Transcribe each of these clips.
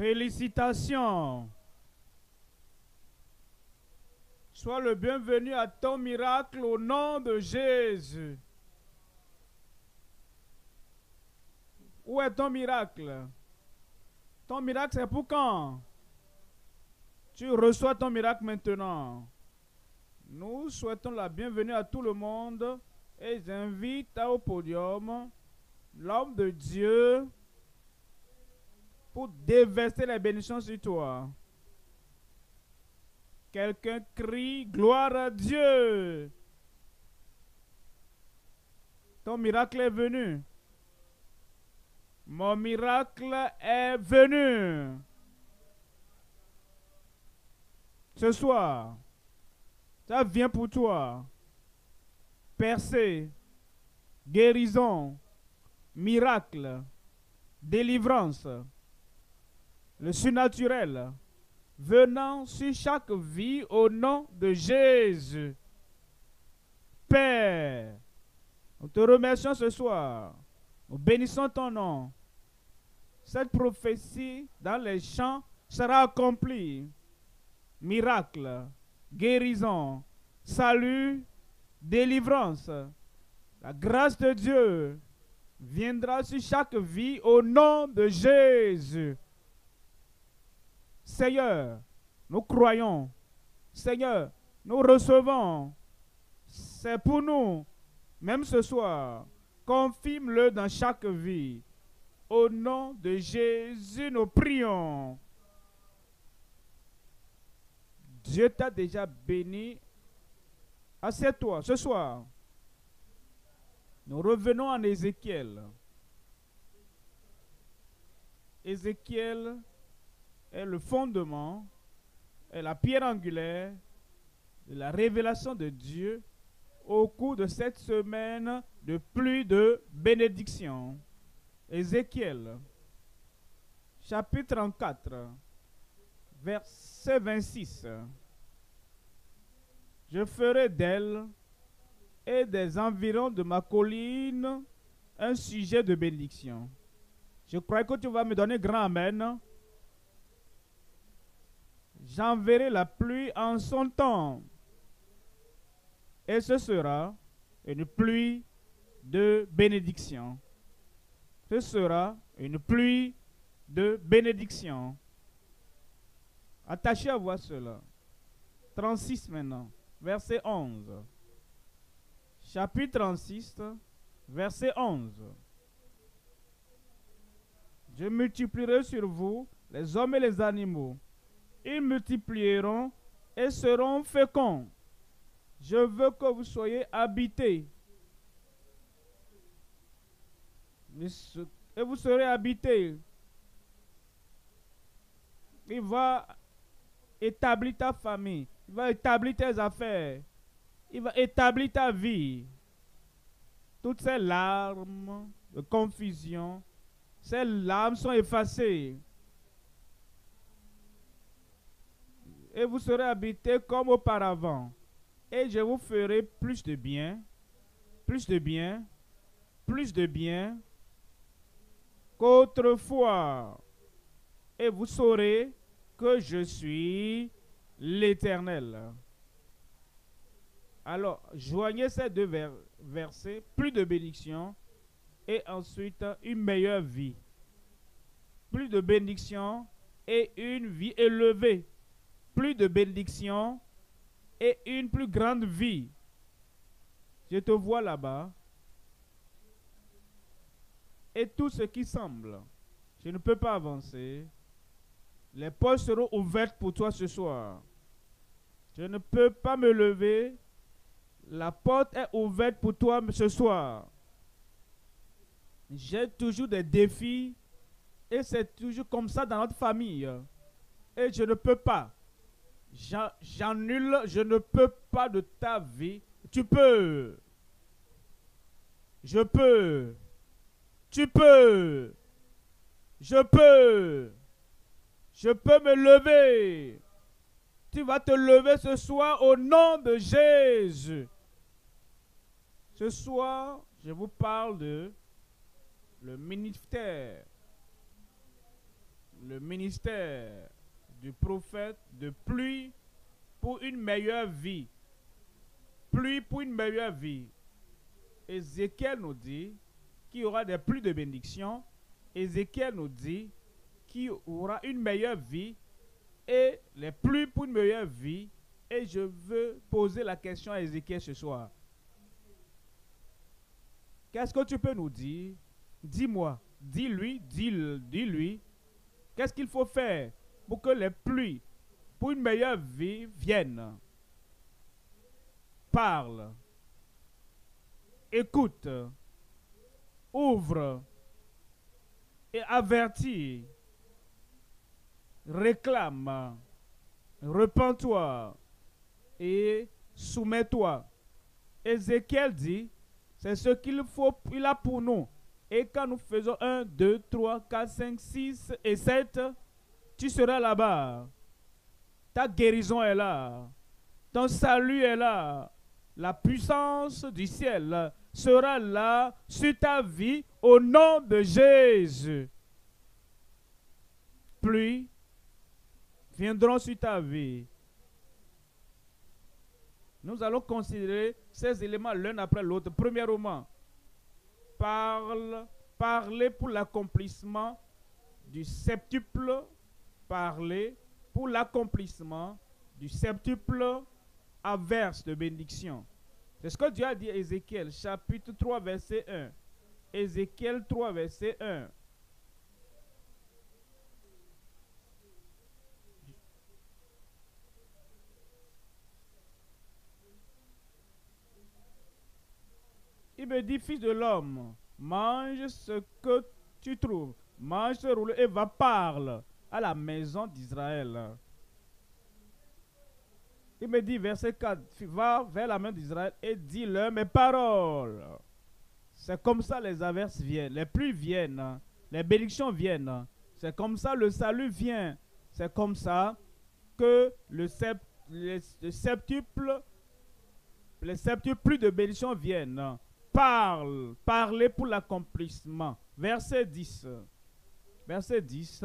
Félicitations. Sois le bienvenu à ton miracle au nom de Jésus. Où est ton miracle Ton miracle, c'est pour quand Tu reçois ton miracle maintenant. Nous souhaitons la bienvenue à tout le monde et j'invite au podium l'homme de Dieu déverser la bénédiction sur toi. Quelqu'un crie gloire à Dieu. Ton miracle est venu. Mon miracle est venu. Ce soir, ça vient pour toi. Percée, guérison, miracle, délivrance le surnaturel venant sur chaque vie au nom de Jésus. Père, nous te remercions ce soir. Nous bénissons ton nom. Cette prophétie dans les champs sera accomplie. Miracle, guérison, salut, délivrance. La grâce de Dieu viendra sur chaque vie au nom de Jésus. Seigneur, nous croyons. Seigneur, nous recevons. C'est pour nous, même ce soir. Confirme-le dans chaque vie. Au nom de Jésus, nous prions. Dieu t'a déjà béni. Assieds-toi ce soir. Nous revenons en Ézéchiel. Ézéchiel est le fondement, est la pierre angulaire de la révélation de Dieu au cours de cette semaine de plus de bénédictions. Ézéchiel, chapitre 34, verset 26. Je ferai d'elle et des environs de ma colline un sujet de bénédiction. Je crois que tu vas me donner grand amen J'enverrai la pluie en son temps. Et ce sera une pluie de bénédiction. Ce sera une pluie de bénédiction. Attachez à voir cela. 36 maintenant, verset 11. Chapitre 36, verset 11. Je multiplierai sur vous les hommes et les animaux, ils multiplieront et seront féconds. Je veux que vous soyez habités. Et vous serez habités. Il va établir ta famille. Il va établir tes affaires. Il va établir ta vie. Toutes ces larmes de confusion, ces larmes sont effacées. et vous serez habité comme auparavant. Et je vous ferai plus de bien, plus de bien, plus de bien qu'autrefois. Et vous saurez que je suis l'Éternel. Alors, joignez ces deux versets, plus de bénédiction et ensuite une meilleure vie. Plus de bénédiction et une vie élevée plus de bénédictions et une plus grande vie. Je te vois là-bas. Et tout ce qui semble, je ne peux pas avancer. Les portes seront ouvertes pour toi ce soir. Je ne peux pas me lever. La porte est ouverte pour toi ce soir. J'ai toujours des défis et c'est toujours comme ça dans notre famille. Et je ne peux pas. J'annule, je ne peux pas de ta vie. Tu peux. Je peux. Tu peux. Je peux. Je peux me lever. Tu vas te lever ce soir au nom de Jésus. Ce soir, je vous parle de le ministère. Le ministère du prophète de pluie pour une meilleure vie. Pluie pour une meilleure vie. Ézéchiel nous dit qu'il y aura des pluies de bénédiction. Ézéchiel nous dit qu'il y aura une meilleure vie et les pluies pour une meilleure vie. Et je veux poser la question à Ézéchiel ce soir. Qu'est-ce que tu peux nous dire Dis-moi, dis-lui, dis-lui, dis-lui, qu'est-ce qu'il faut faire pour que les pluies pour une meilleure vie viennent. Parle, écoute, ouvre et avertis. Réclame, repens-toi et soumets-toi. Ézéchiel dit, c'est ce qu'il faut, il a pour nous. Et quand nous faisons 1, 2, 3, 4, 5, 6 et 7, tu seras là-bas. Ta guérison est là. Ton salut est là. La puissance du ciel sera là sur ta vie au nom de Jésus. Pluie viendront sur ta vie. Nous allons considérer ces éléments l'un après l'autre. Premièrement, parle, parler pour l'accomplissement du septuple parler pour l'accomplissement du septuple averse de bénédiction. C'est ce que Dieu a dit à Ézéchiel, chapitre 3, verset 1. Ézéchiel 3, verset 1. Il me dit, fils de l'homme, mange ce que tu trouves, mange ce rouleau et va parle à la maison d'Israël. Il me dit, verset 4, va vers la main d'Israël et dis-leur mes paroles. C'est comme ça les averses viennent, les pluies viennent, les bénédictions viennent. C'est comme ça le salut vient. C'est comme ça que le, sept, les, le septuple, les septuples de bénédictions viennent. Parle, parlez pour l'accomplissement. Verset 10. Verset 10.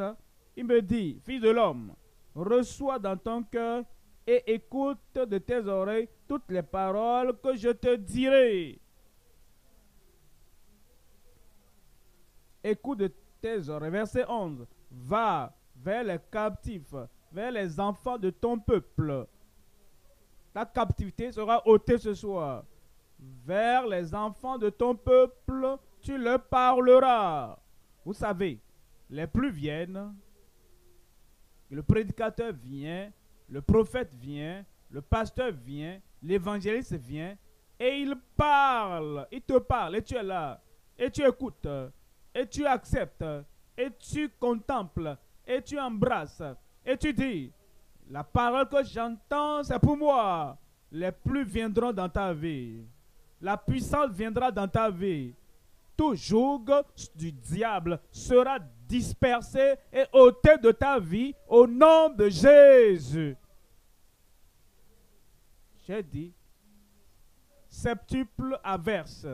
Il me dit, fils de l'homme, reçois dans ton cœur et écoute de tes oreilles toutes les paroles que je te dirai. Écoute de tes oreilles. Verset 11. Va vers les captifs, vers les enfants de ton peuple. Ta captivité sera ôtée ce soir. Vers les enfants de ton peuple, tu leur parleras. Vous savez, les plus viennent, le prédicateur vient, le prophète vient, le pasteur vient, l'évangéliste vient, et il parle, il te parle, et tu es là, et tu écoutes, et tu acceptes, et tu contemples, et tu embrasses, et tu dis, la parole que j'entends, c'est pour moi. Les plus viendront dans ta vie. La puissance viendra dans ta vie. Tout du diable sera dispersé et ôté de ta vie au nom de Jésus. J'ai dit, septuple averse.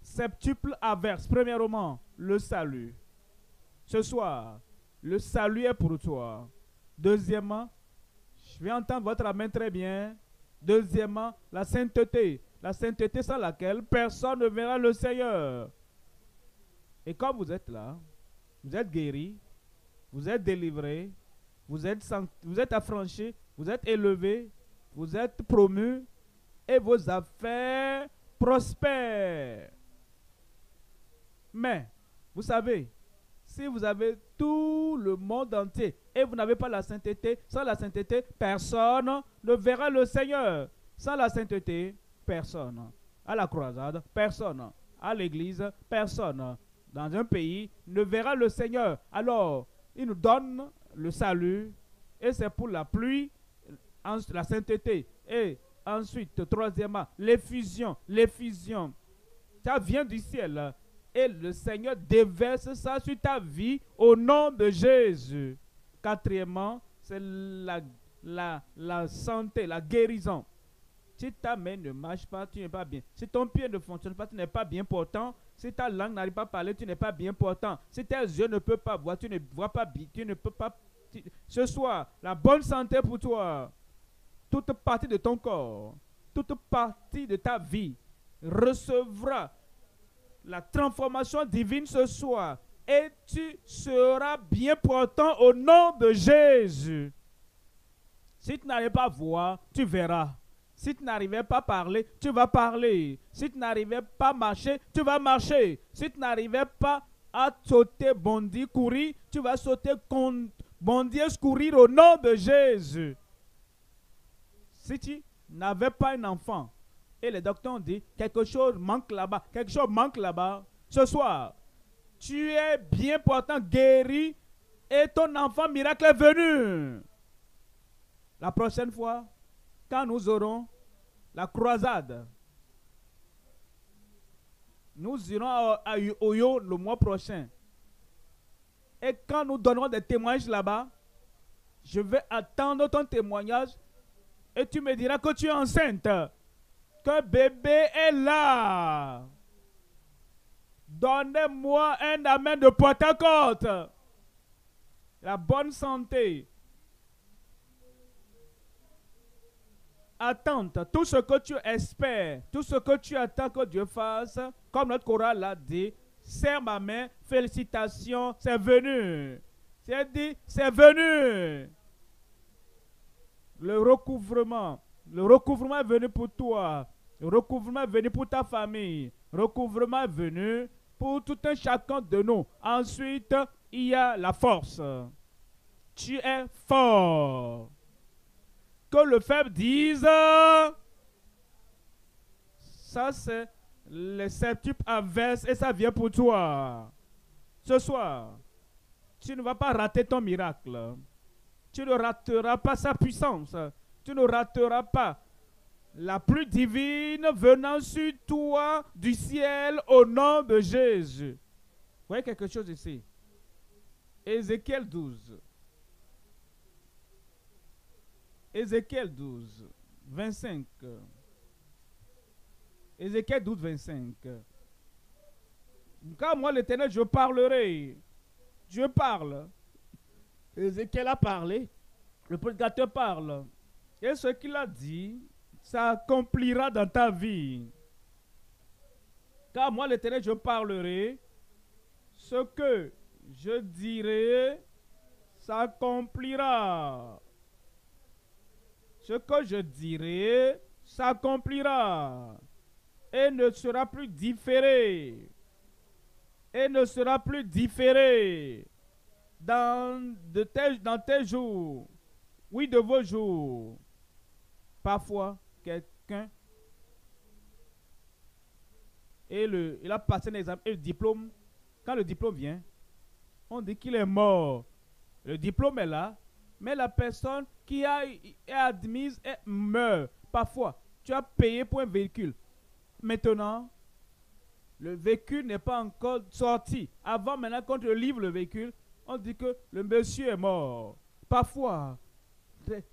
Septuple averse. Premièrement, le salut. Ce soir, le salut est pour toi. Deuxièmement, je vais entendre votre amen très bien. Deuxièmement, la sainteté. La sainteté sans laquelle personne ne verra le Seigneur. Et quand vous êtes là, vous êtes guéri, vous êtes délivré, vous êtes, vous êtes affranchi, vous êtes élevé, vous êtes promu et vos affaires prospèrent. Mais, vous savez, si vous avez tout le monde entier et vous n'avez pas la sainteté, sans la sainteté, personne ne verra le Seigneur. Sans la sainteté, personne. À la croisade, personne. À l'église, personne dans un pays ne verra le Seigneur. Alors, il nous donne le salut et c'est pour la pluie, la sainteté. Et ensuite, troisièmement, l'effusion. L'effusion, ça vient du ciel. Hein, et le Seigneur déverse ça sur ta vie au nom de Jésus. Quatrièmement, c'est la, la, la santé, la guérison. Si ta main ne marche pas, tu n'es pas bien. Si ton pied ne fonctionne pas, tu n'es pas bien. Pourtant, si ta langue n'arrive pas à parler, tu n'es pas bien portant. Si tes yeux ne peuvent pas voir, tu ne vois pas bien, tu ne peux pas. ce soir, la bonne santé pour toi, toute partie de ton corps, toute partie de ta vie recevra la transformation divine ce soir et tu seras bien portant au nom de Jésus. Si tu n'arrives pas à voir, tu verras. Si tu n'arrivais pas à parler, tu vas parler. Si tu n'arrivais pas à marcher, tu vas marcher. Si tu n'arrivais pas à sauter, bondir, courir, tu vas sauter, bondir, courir au nom de Jésus. Si tu n'avais pas un enfant et les docteurs ont dit quelque chose manque là-bas, quelque chose manque là-bas, ce soir, tu es bien pourtant guéri et ton enfant miracle est venu. La prochaine fois, quand nous aurons la croisade, nous irons à, Oyo le mois prochain. Et quand nous donnerons des témoignages là-bas, je vais attendre ton témoignage et tu me diras que tu es enceinte, que bébé est là. Donnez-moi un amen de porte à côte. La bonne santé, attente, tout ce que tu espères, tout ce que tu attends que Dieu fasse, comme notre Coran l'a dit, serre ma main, félicitations, c'est venu. C'est dit, c'est venu. Le recouvrement, le recouvrement est venu pour toi. Le recouvrement est venu pour ta famille. Le recouvrement est venu pour tout un chacun de nous. Ensuite, il y a la force. Tu es fort que le faible dise Ça, c'est les septuples averses et ça vient pour toi. Ce soir, tu ne vas pas rater ton miracle. Tu ne rateras pas sa puissance. Tu ne rateras pas la plus divine venant sur toi du ciel au nom de Jésus. Vous voyez quelque chose ici Ézéchiel 12. Ézéchiel 12, 25. Ézéchiel 12, 25. Car moi, l'Éternel, je parlerai. Dieu parle. Ézéchiel a parlé. Le prédicateur parle. Et ce qu'il a dit s'accomplira dans ta vie. Car moi, l'Éternel, je parlerai. Ce que je dirai s'accomplira ce que je dirai s'accomplira et ne sera plus différé et ne sera plus différé dans, de tes, dans tes jours, oui, de vos jours. Parfois, quelqu'un, et le, il a passé un et le diplôme, quand le diplôme vient, on dit qu'il est mort. Le diplôme est là, mais la personne qui est admise meurt. Parfois, tu as payé pour un véhicule. Maintenant, le véhicule n'est pas encore sorti. Avant, maintenant, quand on livre le véhicule, on dit que le monsieur est mort. Parfois,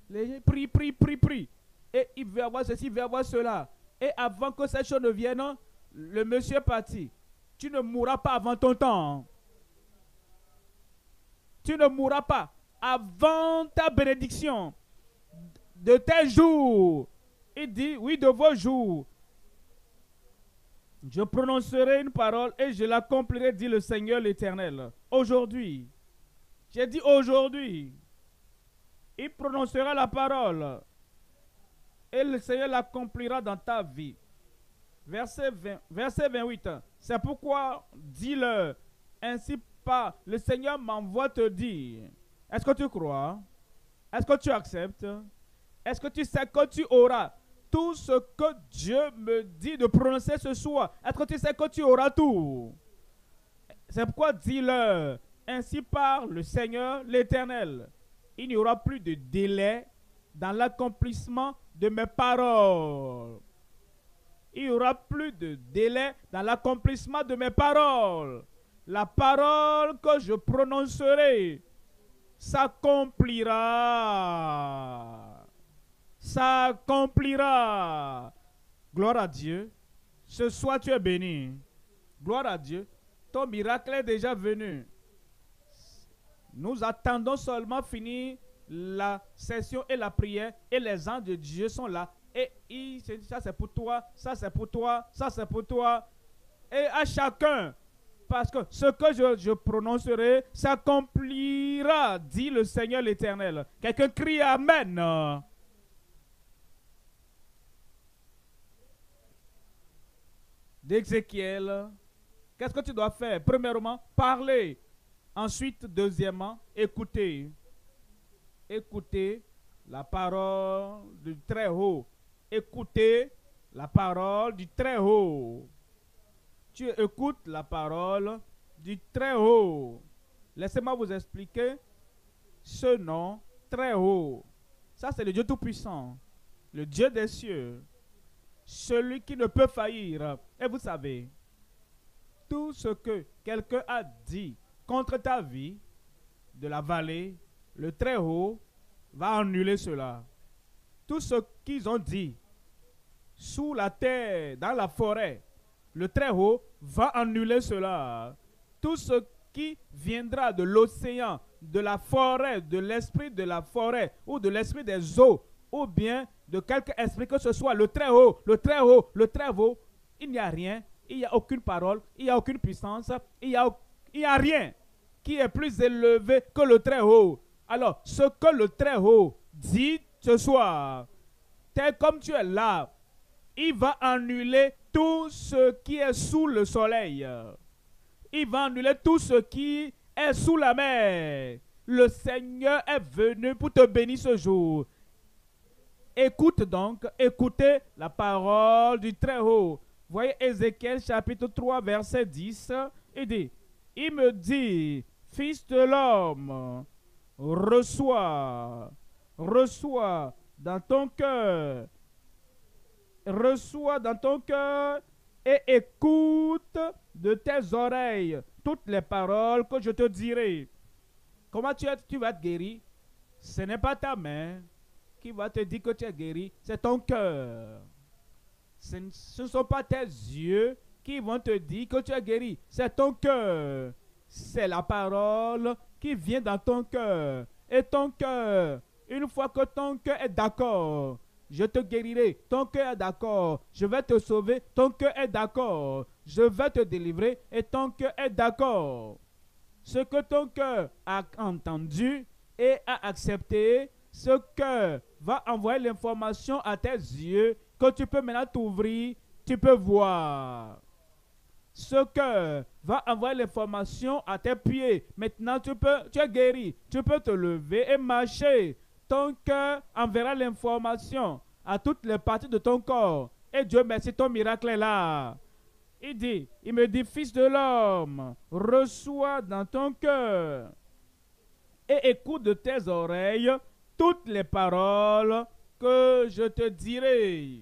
les gens prient, prient, prient, Et il veut avoir ceci, il veut avoir cela. Et avant que cette chose ne vienne, le monsieur est parti. Tu ne mourras pas avant ton temps. Tu ne mourras pas avant ta bénédiction, de tes jours. Il dit, oui, de vos jours. Je prononcerai une parole et je l'accomplirai, dit le Seigneur l'Éternel. Aujourd'hui, j'ai dit aujourd'hui, il prononcera la parole et le Seigneur l'accomplira dans ta vie. Verset, verset 28. C'est pourquoi dis-le, ainsi pas, le Seigneur m'envoie te dire est-ce que tu crois Est-ce que tu acceptes Est-ce que tu sais que tu auras tout ce que Dieu me dit de prononcer ce soir Est-ce que tu sais que tu auras tout C'est pourquoi dis-leur, ainsi parle le Seigneur l'Éternel. Il n'y aura plus de délai dans l'accomplissement de mes paroles. Il n'y aura plus de délai dans l'accomplissement de mes paroles. La parole que je prononcerai s'accomplira. S'accomplira. Gloire à Dieu. Ce soir, tu es béni. Gloire à Dieu. Ton miracle est déjà venu. Nous attendons seulement finir la session et la prière et les anges de Dieu sont là. Et ils, ça c'est pour toi, ça c'est pour toi, ça c'est pour toi. Et à chacun, parce que ce que je, prononcerai s'accomplira, dit le Seigneur l'Éternel. Quelqu'un crie Amen. D'Ézéchiel, qu'est-ce que tu dois faire Premièrement, parler. Ensuite, deuxièmement, écouter. Écouter la parole du Très-Haut. Écouter la parole du Très-Haut tu écoutes la parole du Très-Haut. Laissez-moi vous expliquer ce nom Très-Haut. Ça, c'est le Dieu Tout-Puissant, le Dieu des cieux, celui qui ne peut faillir. Et vous savez, tout ce que quelqu'un a dit contre ta vie, de la vallée, le Très-Haut va annuler cela. Tout ce qu'ils ont dit, sous la terre, dans la forêt, le Très-Haut va annuler cela. Tout ce qui viendra de l'océan, de la forêt, de l'esprit de la forêt ou de l'esprit des eaux, ou bien de quelque esprit que ce soit, le Très-Haut, le Très-Haut, le Très-Haut, il n'y a rien, il n'y a aucune parole, il n'y a aucune puissance, il n'y a, a rien qui est plus élevé que le Très-Haut. Alors, ce que le Très-Haut dit ce soir, tel comme tu es là, il va annuler tout ce qui est sous le soleil. Il va annuler tout ce qui est sous la mer. Le Seigneur est venu pour te bénir ce jour. Écoute donc, écoutez la parole du Très-Haut. Voyez Ézéchiel chapitre 3 verset 10. Il dit, il me dit, fils de l'homme, reçois, reçois dans ton cœur reçois dans ton cœur et écoute de tes oreilles toutes les paroles que je te dirai. Comment tu, vas être guéri Ce n'est pas ta main qui va te dire que tu es guéri, c'est ton cœur. Ce ne sont pas tes yeux qui vont te dire que tu es guéri, c'est ton cœur. C'est la parole qui vient dans ton cœur. Et ton cœur, une fois que ton cœur est d'accord je te guérirai. Ton cœur est d'accord. Je vais te sauver. Ton cœur est d'accord. Je vais te délivrer et ton cœur est d'accord. Ce que ton cœur a entendu et a accepté, ce cœur va envoyer l'information à tes yeux que tu peux maintenant t'ouvrir, tu peux voir. Ce cœur va envoyer l'information à tes pieds. Maintenant, tu peux, tu es guéri. Tu peux te lever et marcher ton cœur enverra l'information à toutes les parties de ton corps. Et Dieu merci, ton miracle est là. Il dit, il me dit, fils de l'homme, reçois dans ton cœur et écoute de tes oreilles toutes les paroles que je te dirai.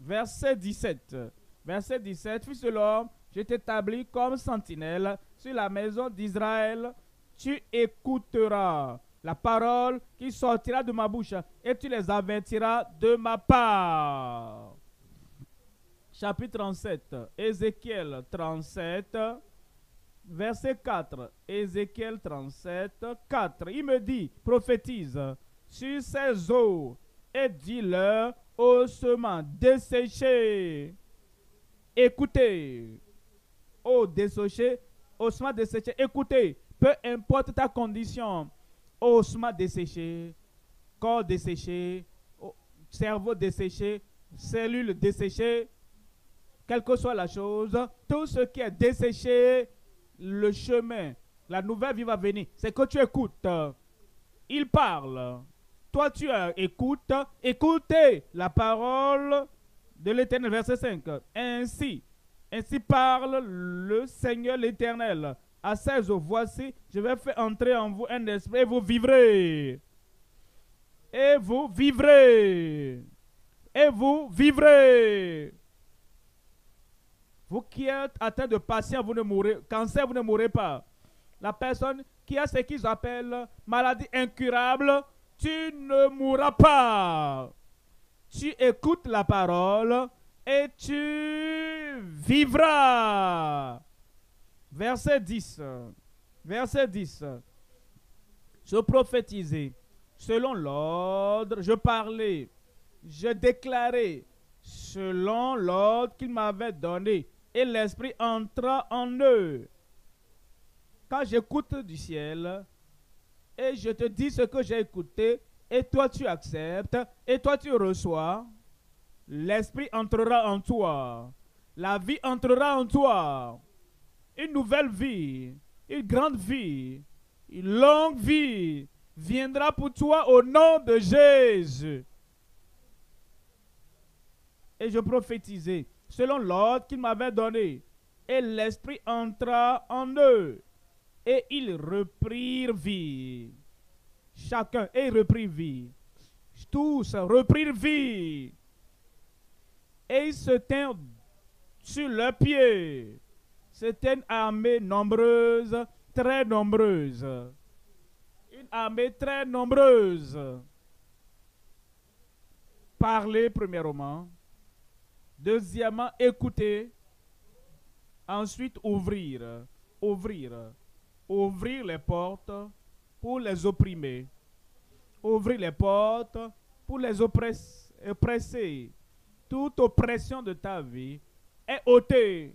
Verset 17. Verset 17, fils de l'homme, je t'établis comme sentinelle sur la maison d'Israël tu écouteras la parole qui sortira de ma bouche et tu les avertiras de ma part. Chapitre 37, Ézéchiel 37, verset 4. Ézéchiel 37, 4. Il me dit, prophétise sur ces eaux et dis-leur, ossements desséchés, écoutez, eaux desséchés, ossements desséchés, écoutez, peu importe ta condition, osma desséché, corps desséché, cerveau desséché, cellule desséchées, quelle que soit la chose, tout ce qui est desséché, le chemin, la nouvelle vie va venir. C'est que tu écoutes. Il parle. Toi, tu écoutes. Écoutez la parole de l'Éternel, verset 5. Ainsi, ainsi parle le Seigneur l'Éternel à 16 voici, je vais faire entrer en vous un esprit et vous vivrez. Et vous vivrez. Et vous vivrez. Vous qui êtes atteint de patient, vous ne mourrez. Cancer, vous ne mourrez pas. La personne qui a ce qu'ils appellent maladie incurable, tu ne mourras pas. Tu écoutes la parole et tu vivras. Verset 10. Verset 10. Je prophétisais selon l'ordre, je parlais, je déclarais selon l'ordre qu'il m'avait donné, et l'Esprit entra en eux. Quand j'écoute du ciel, et je te dis ce que j'ai écouté, et toi tu acceptes, et toi tu reçois, l'Esprit entrera en toi, la vie entrera en toi une nouvelle vie, une grande vie, une longue vie viendra pour toi au nom de Jésus. Et je prophétisais selon l'ordre qu'il m'avait donné. Et l'Esprit entra en eux. Et ils reprirent vie. Chacun, est repris vie. Tous reprirent vie. Et ils se tinrent sur leurs pieds. C'est une armée nombreuse, très nombreuse. Une armée très nombreuse. Parler premièrement. Deuxièmement, écouter. Ensuite, ouvrir. Ouvrir. Ouvrir les portes pour les opprimer. Ouvrir les portes pour les oppresser. Toute oppression de ta vie est ôtée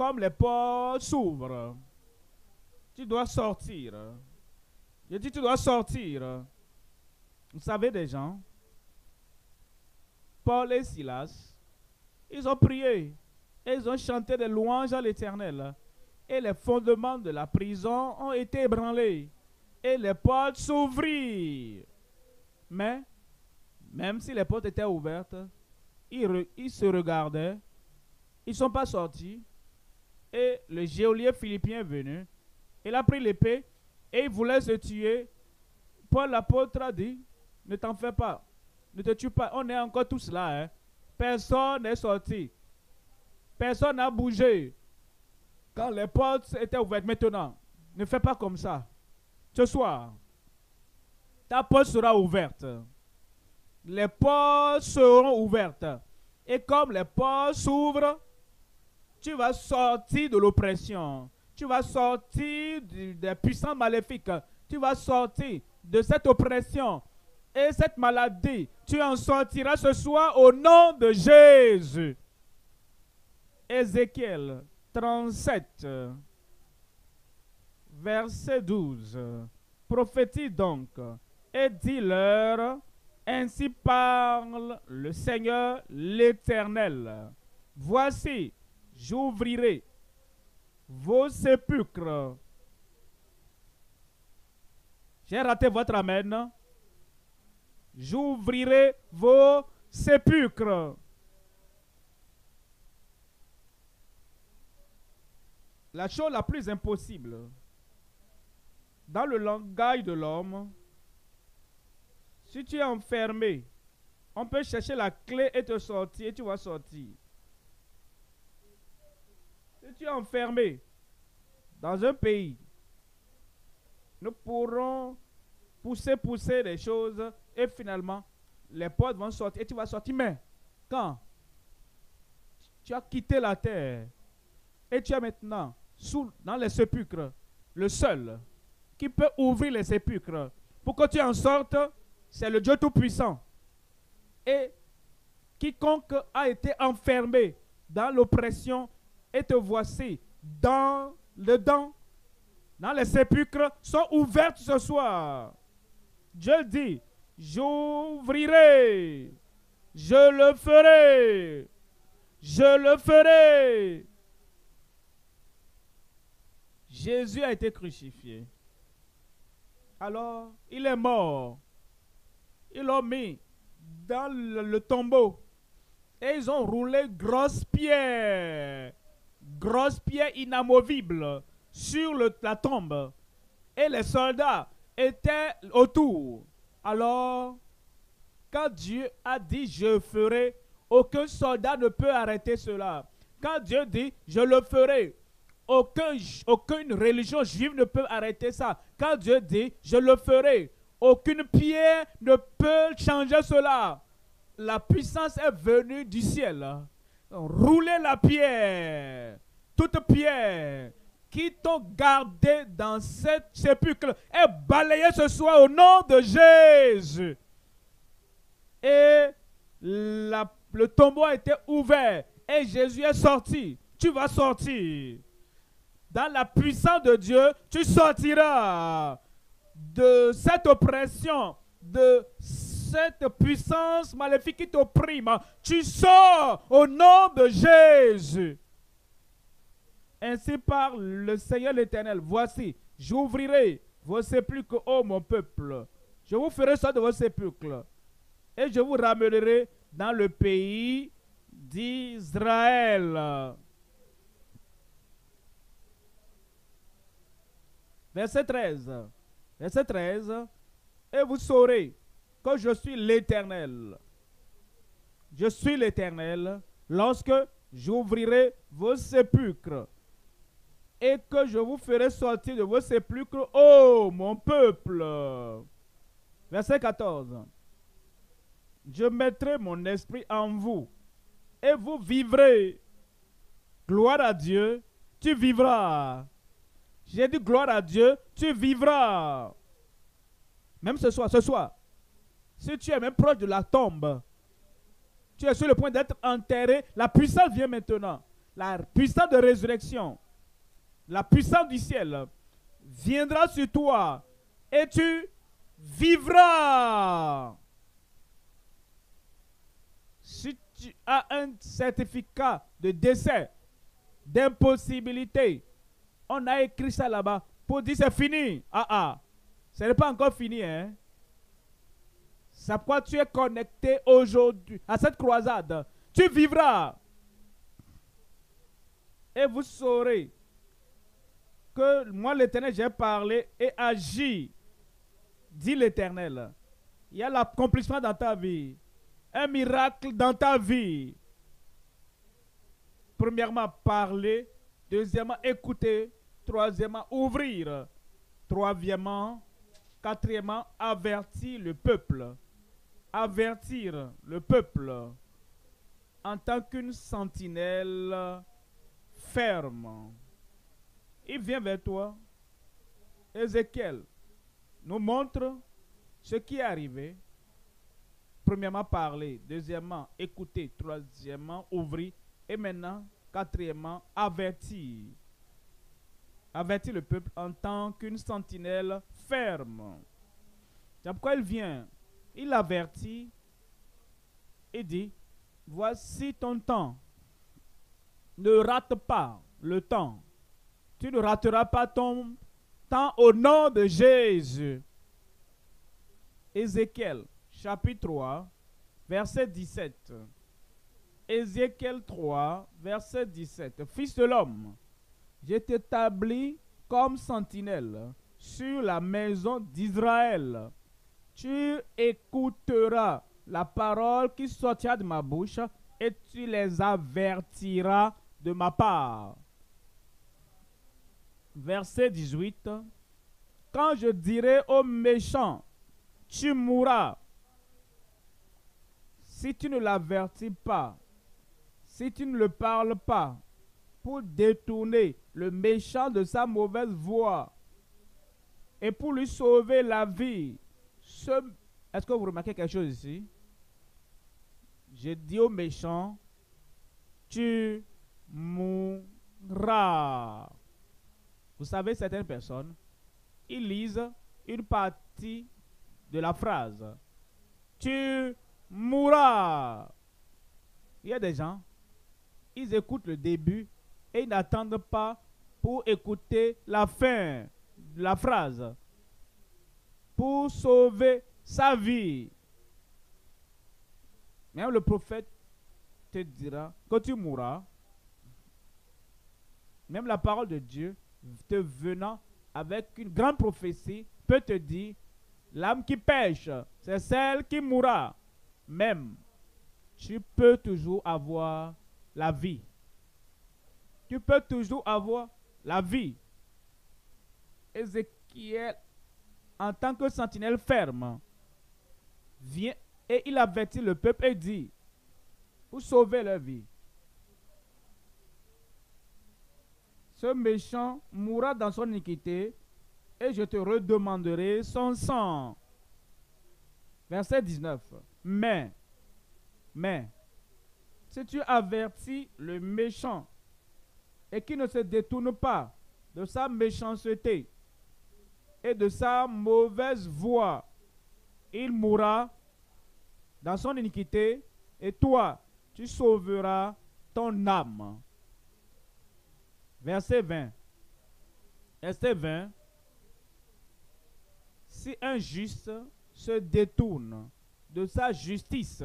comme les portes s'ouvrent. Tu dois sortir. Je dis, tu dois sortir. Vous savez des gens, Paul et Silas, ils ont prié ils ont chanté des louanges à l'Éternel. Et les fondements de la prison ont été ébranlés et les portes s'ouvrirent. Mais, même si les portes étaient ouvertes, ils se regardaient, ils ne sont pas sortis et le geôlier philippien est venu. Il a pris l'épée et il voulait se tuer. Paul l'apôtre a dit, ne t'en fais pas, ne te tue pas. On est encore tous là. Hein. Personne n'est sorti. Personne n'a bougé. Quand les portes étaient ouvertes maintenant, ne fais pas comme ça. Ce soir, ta porte sera ouverte. Les portes seront ouvertes. Et comme les portes s'ouvrent, tu vas sortir de l'oppression. Tu vas sortir des puissants maléfiques. Tu vas sortir de cette oppression et cette maladie. Tu en sortiras ce soir au nom de Jésus. Ézéchiel 37, verset 12. Prophétie donc et dis-leur, ainsi parle le Seigneur l'Éternel. Voici, j'ouvrirai vos sépulcres. J'ai raté votre amen. J'ouvrirai vos sépulcres. La chose la plus impossible dans le langage de l'homme, si tu es enfermé, on peut chercher la clé et te sortir et tu vas sortir tu es enfermé dans un pays, nous pourrons pousser, pousser les choses et finalement, les portes vont sortir et tu vas sortir. Mais quand tu as quitté la terre et tu es maintenant sous, dans les sépulcres, le seul qui peut ouvrir les sépulcres pour que tu en sortes, c'est le Dieu Tout-Puissant. Et quiconque a été enfermé dans l'oppression et te voici dans le dent, dans les sépulcres, sont ouvertes ce soir. Dieu dit, j'ouvrirai, je le ferai, je le ferai. Jésus a été crucifié. Alors, il est mort. Ils l'ont mis dans le, tombeau. Et ils ont roulé grosses pierres grosse pierre inamovible sur la tombe, et les soldats étaient autour. Alors, quand Dieu a dit, je ferai, aucun soldat ne peut arrêter cela. Quand Dieu dit, je le ferai, aucune religion juive ne peut arrêter ça. Quand Dieu dit, je le ferai, aucune pierre ne peut changer cela. La puissance est venue du ciel. Roulez la pierre toute pierre qui t'ont gardé dans cette sépulcre est balayée ce soir au nom de Jésus. Et le tombeau a été ouvert et Jésus est sorti. Tu vas sortir. Dans la puissance de Dieu, tu sortiras de cette oppression, de cette puissance maléfique qui t'opprime. Tu sors au nom de Jésus. Ainsi parle le Seigneur l'Éternel. Voici, j'ouvrirai vos sépulcres, ô mon peuple. Je vous ferai sortir de vos sépulcres. Et je vous ramènerai dans le pays d'Israël. Verset 13. Verset 13. Et vous saurez que je suis l'Éternel. Je suis l'Éternel lorsque j'ouvrirai vos sépulcres et que je vous ferai sortir de vos sépulcres, ô oh, mon peuple. Verset 14. Je mettrai mon esprit en vous et vous vivrez. Gloire à Dieu, tu vivras. J'ai dit gloire à Dieu, tu vivras. Même ce soir, ce soir, si tu es même proche de la tombe, tu es sur le point d'être enterré, la puissance vient maintenant. La puissance de résurrection la puissance du ciel viendra sur toi et tu vivras. Si tu as un certificat de décès, d'impossibilité, on a écrit ça là-bas pour dire c'est fini. Ah ah, ce n'est pas encore fini. Hein? C'est pourquoi tu es connecté aujourd'hui à cette croisade. Tu vivras. Et vous saurez que moi l'Éternel j'ai parlé et agi, dit l'Éternel. Il y a l'accomplissement dans ta vie, un miracle dans ta vie. Premièrement, parler. Deuxièmement, écouter. Troisièmement, ouvrir. Troisièmement, quatrièmement, avertir le peuple. Avertir le peuple en tant qu'une sentinelle ferme il vient vers toi. Ézéchiel nous montre ce qui est arrivé. Premièrement, parler. Deuxièmement, écouter. Troisièmement, ouvrir. Et maintenant, quatrièmement, avertir. Avertir le peuple en tant qu'une sentinelle ferme. C'est pourquoi il vient. Il avertit et dit, voici ton temps. Ne rate pas le temps tu ne rateras pas ton temps au nom de Jésus. Ézéchiel, chapitre 3, verset 17. Ézéchiel 3, verset 17. Fils de l'homme, je t'établis comme sentinelle sur la maison d'Israël. Tu écouteras la parole qui sortira de ma bouche et tu les avertiras de ma part verset 18, Quand je dirai au méchant, tu mourras, si tu ne l'avertis pas, si tu ne le parles pas, pour détourner le méchant de sa mauvaise voie et pour lui sauver la vie, est-ce que vous remarquez quelque chose ici J'ai dit au méchant, tu mourras. Vous savez, certaines personnes, ils lisent une partie de la phrase. Tu mourras. Il y a des gens, ils écoutent le début et ils n'attendent pas pour écouter la fin de la phrase. Pour sauver sa vie. Même le prophète te dira que tu mourras. Même la parole de Dieu te venant avec une grande prophétie peut te dire, l'âme qui pêche, c'est celle qui mourra. Même, tu peux toujours avoir la vie. Tu peux toujours avoir la vie. Ézéchiel, en tant que sentinelle ferme, vient et il avertit le peuple et dit, vous sauvez leur vie, Ce méchant mourra dans son iniquité, et je te redemanderai son sang. Verset 19. Mais, mais, si tu avertis le méchant et qu'il ne se détourne pas de sa méchanceté et de sa mauvaise voie, il mourra dans son iniquité, et toi, tu sauveras ton âme. Verset 20. Verset 20. Si un juste se détourne de sa justice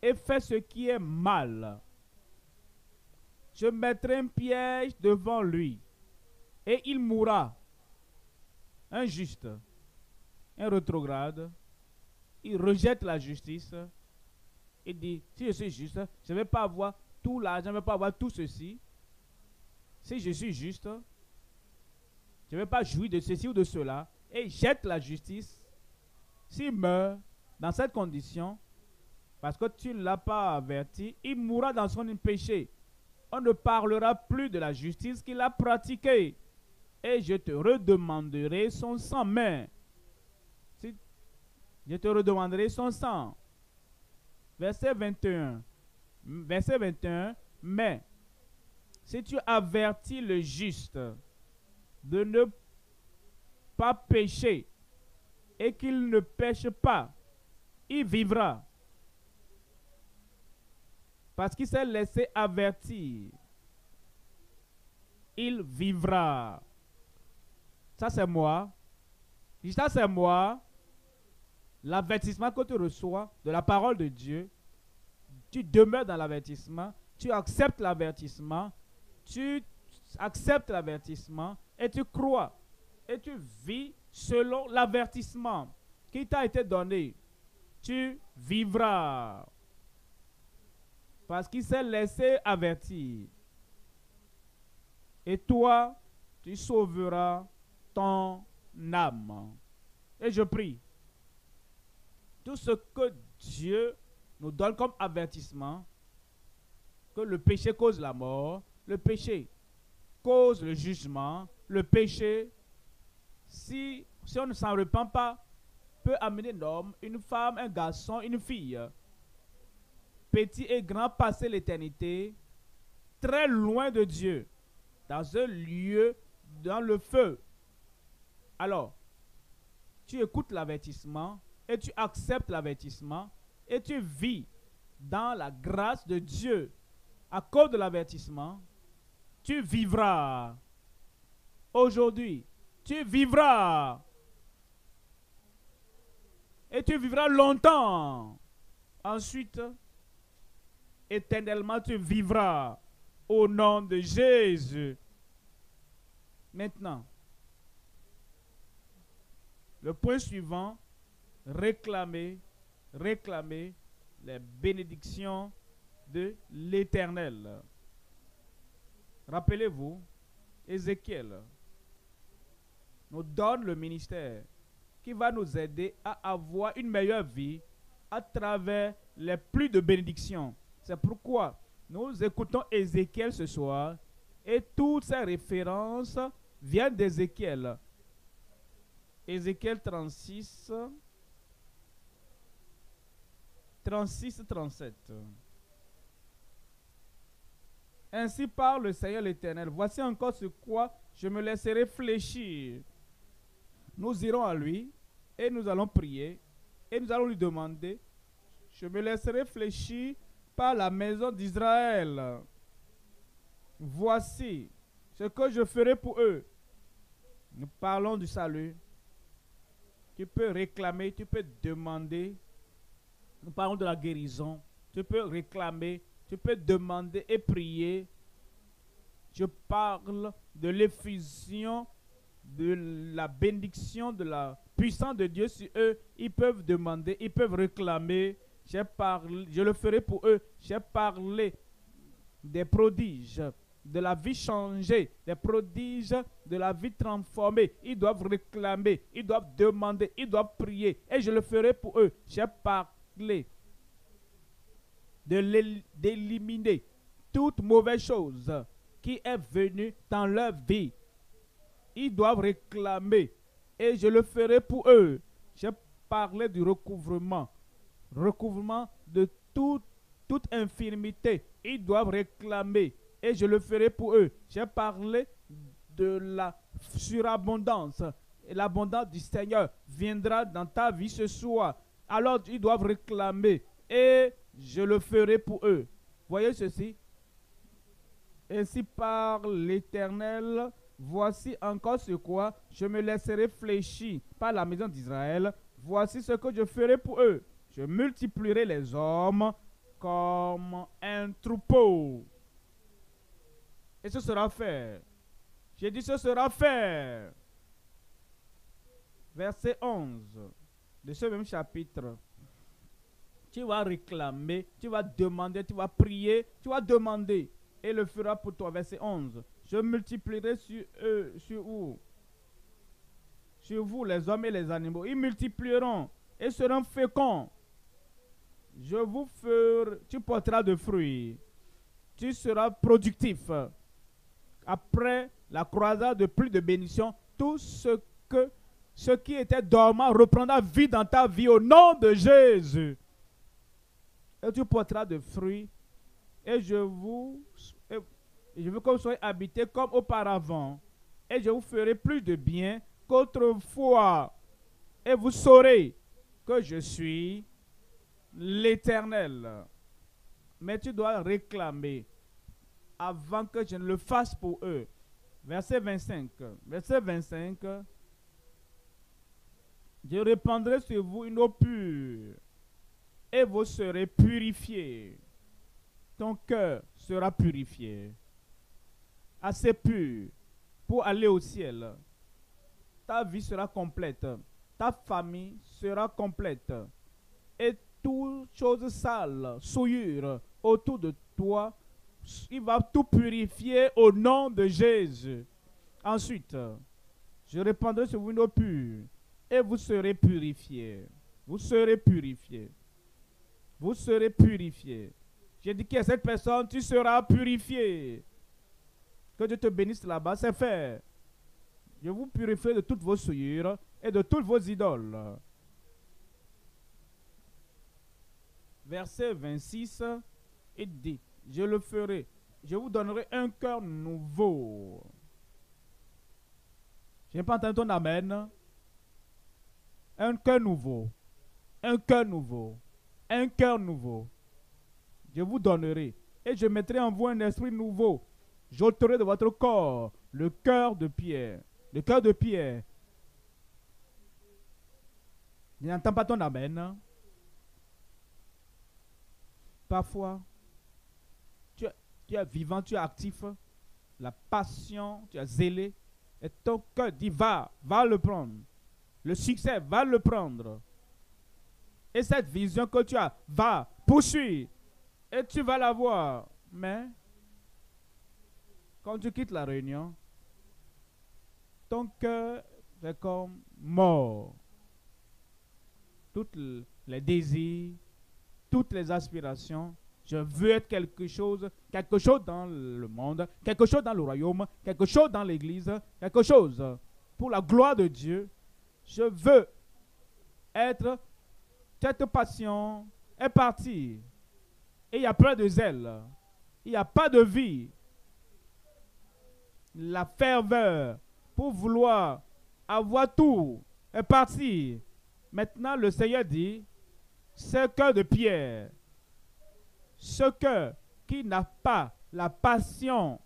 et fait ce qui est mal, je mettrai un piège devant lui et il mourra. Un juste, un rétrograde, il rejette la justice. Il dit, si je suis juste, je ne vais pas avoir tout je ne veux pas avoir tout ceci. Si je suis juste, je ne veux pas jouir de ceci ou de cela. Et jette la justice. S'il meurt dans cette condition, parce que tu ne l'as pas averti, il mourra dans son péché. On ne parlera plus de la justice qu'il a pratiquée. Et je te redemanderai son sang. Mais, je te redemanderai son sang. Verset 21. Verset 21. Mais si tu avertis le juste de ne pas pécher et qu'il ne pêche pas, il vivra. Parce qu'il s'est laissé avertir. Il vivra. Ça, c'est moi. Ça, c'est moi. L'avertissement que tu reçois de la parole de Dieu tu demeures dans l'avertissement, tu acceptes l'avertissement, tu acceptes l'avertissement et tu crois et tu vis selon l'avertissement qui t'a été donné. Tu vivras parce qu'il s'est laissé avertir. Et toi, tu sauveras ton âme. Et je prie, tout ce que Dieu nous donne comme avertissement que le péché cause la mort, le péché cause le jugement, le péché, si, si on ne s'en repent pas, peut amener un homme, une femme, un garçon, une fille, petit et grand, passer l'éternité très loin de Dieu, dans un lieu, dans le feu. Alors, tu écoutes l'avertissement et tu acceptes l'avertissement et tu vis dans la grâce de Dieu à cause de l'avertissement, tu vivras. Aujourd'hui, tu vivras. Et tu vivras longtemps. Ensuite, éternellement, tu vivras au nom de Jésus. Maintenant, le point suivant, réclamer réclamer les bénédictions de l'Éternel. Rappelez-vous, Ézéchiel nous donne le ministère qui va nous aider à avoir une meilleure vie à travers les plus de bénédictions. C'est pourquoi nous écoutons Ézéchiel ce soir et toutes ces références viennent d'Ézéchiel. Ézéchiel 36, 36-37. Ainsi parle le Seigneur l'Éternel. Voici encore ce quoi je me laisserai fléchir. Nous irons à lui et nous allons prier et nous allons lui demander. Je me laisserai fléchir par la maison d'Israël. Voici ce que je ferai pour eux. Nous parlons du salut. Tu peux réclamer, tu peux demander nous parlons de la guérison, tu peux réclamer, tu peux demander et prier. Je parle de l'effusion, de la bénédiction, de la puissance de Dieu sur eux. Ils peuvent demander, ils peuvent réclamer. je le ferai pour eux. J'ai parlé des prodiges, de la vie changée, des prodiges, de la vie transformée. Ils doivent réclamer, ils doivent demander, ils doivent prier. Et je le ferai pour eux. J'ai parlé de d'éliminer toute mauvaise chose qui est venue dans leur vie. Ils doivent réclamer et je le ferai pour eux. J'ai parlé du recouvrement, recouvrement de toute infirmité. Ils doivent réclamer et je le ferai pour eux. J'ai parlé de la surabondance. Et l'abondance du Seigneur viendra dans ta vie ce soir alors ils doivent réclamer et je le ferai pour eux. Voyez ceci. Ainsi par l'Éternel, voici encore ce quoi je me laisserai fléchir par la maison d'Israël. Voici ce que je ferai pour eux. Je multiplierai les hommes comme un troupeau. Et ce sera fait. J'ai dit ce sera fait. Verset 11 de ce même chapitre, tu vas réclamer, tu vas demander, tu vas prier, tu vas demander et le fera pour toi. Verset 11. Je multiplierai sur eux, sur vous, les hommes et les animaux. Ils multiplieront et seront féconds. Je vous ferai, tu porteras de fruits. Tu seras productif. Après la croisade de plus de bénitions, tout ce que ce qui était dormant reprendra vie dans ta vie au nom de Jésus. Et tu porteras de fruits. Et je vous, je veux que vous soyez habités comme auparavant. Et je vous ferai plus de bien qu'autrefois. Et vous saurez que je suis l'Éternel. Mais tu dois réclamer avant que je ne le fasse pour eux. Verset 25. Verset 25. Je répandrai sur vous une eau pure, et vous serez purifiés. Ton cœur sera purifié, assez pur pour aller au ciel. Ta vie sera complète, ta famille sera complète, et toutes choses sales, souillures autour de toi, il va tout purifier au nom de Jésus. Ensuite, je répandrai sur vous une eau pure vous serez purifiés. Vous serez purifiés. Vous serez purifiés. J'ai dit que cette personne, tu seras purifié. Que Dieu te bénisse là-bas, c'est fait. Je vous purifierai de toutes vos souillures et de toutes vos idoles. Verset 26, il dit, je le ferai, je vous donnerai un cœur nouveau. Je pas entendu ton amen un cœur nouveau, un cœur nouveau, un cœur nouveau. Je vous donnerai et je mettrai en vous un esprit nouveau. J'ôterai de votre corps le cœur de pierre. Le cœur de pierre. Je n'entends pas ton amen. Parfois, tu, tu es vivant, tu es actif, la passion, tu es zélé, et ton cœur dit va, va le prendre. Le succès va le prendre. Et cette vision que tu as va poursuivre. Et tu vas l'avoir. Mais quand tu quittes la réunion, ton cœur est comme mort. Tous les désirs, toutes les aspirations. Je veux être quelque chose, quelque chose dans le monde, quelque chose dans le royaume, quelque chose dans l'église, quelque chose pour la gloire de Dieu je veux être cette passion est partie. Et il y a plein de zèle. Il n'y a pas de vie. La ferveur pour vouloir avoir tout est partie. Maintenant, le Seigneur dit, ce cœur de pierre, ce cœur qui n'a pas la passion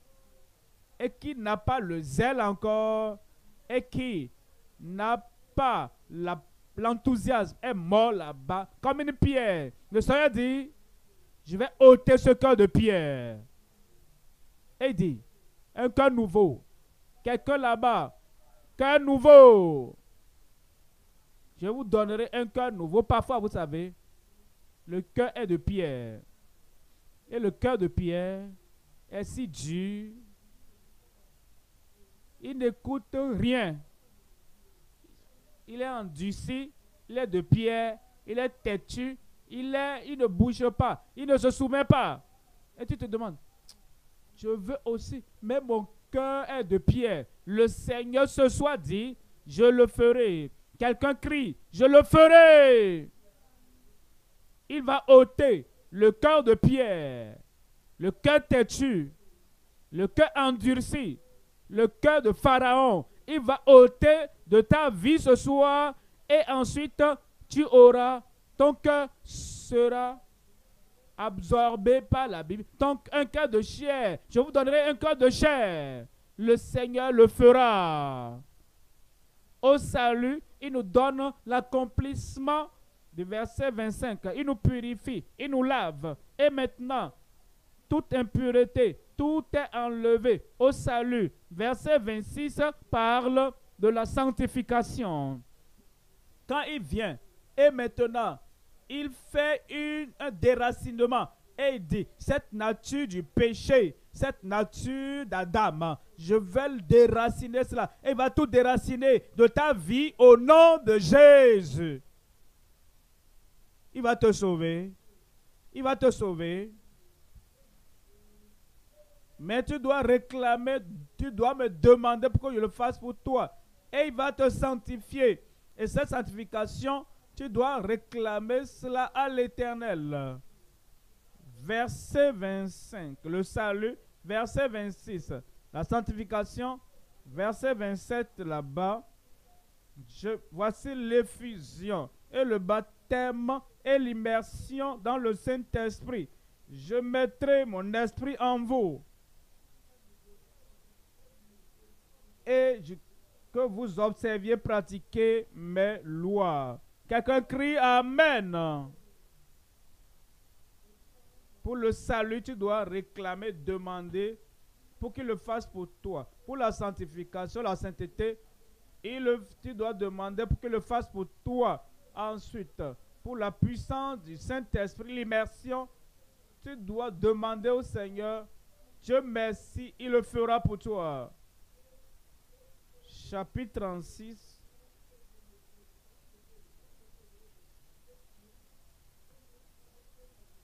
et qui n'a pas le zèle encore et qui n'a pas l'enthousiasme est mort là-bas, comme une pierre. Le Seigneur dit, je vais ôter ce cœur de pierre. Et dit, un cœur nouveau. Quelqu'un là-bas, cœur nouveau. Je vous donnerai un cœur nouveau. Parfois, vous savez, le cœur est de pierre. Et le cœur de pierre est si dur. Il n'écoute rien il est endurci, il est de pierre, il est têtu, il, est, il ne bouge pas, il ne se soumet pas. Et tu te demandes, je veux aussi, mais mon cœur est de pierre. Le Seigneur se soit dit, je le ferai. Quelqu'un crie, je le ferai. Il va ôter le cœur de pierre, le cœur têtu, le cœur endurci, le cœur de Pharaon. Il va ôter de ta vie ce soir et ensuite tu auras, ton cœur sera absorbé par la Bible. Donc un cœur de chair, je vous donnerai un cœur de chair. Le Seigneur le fera. Au salut, il nous donne l'accomplissement du verset 25. Il nous purifie, il nous lave. Et maintenant, toute impureté, tout est enlevé. Au salut, verset 26 parle de la sanctification. Quand il vient, et maintenant, il fait un déracinement. Et il dit, cette nature du péché, cette nature d'Adam, je vais le déraciner cela. Et il va tout déraciner de ta vie au nom de Jésus. Il va te sauver. Il va te sauver. Mais tu dois réclamer, tu dois me demander Pourquoi je le fasse pour toi et il va te sanctifier. Et cette sanctification, tu dois réclamer cela à l'Éternel. Verset 25, le salut, verset 26, la sanctification, verset 27 là-bas. Je, voici l'effusion et le baptême et l'immersion dans le Saint-Esprit. Je mettrai mon esprit en vous. Et je que vous observiez pratiquer mes lois. Quelqu'un crie Amen. Pour le salut, tu dois réclamer, demander pour qu'il le fasse pour toi. Pour la sanctification, la sainteté, il, tu dois demander pour qu'il le fasse pour toi. Ensuite, pour la puissance du Saint-Esprit, l'immersion, tu dois demander au Seigneur, Dieu merci, il le fera pour toi chapitre 36,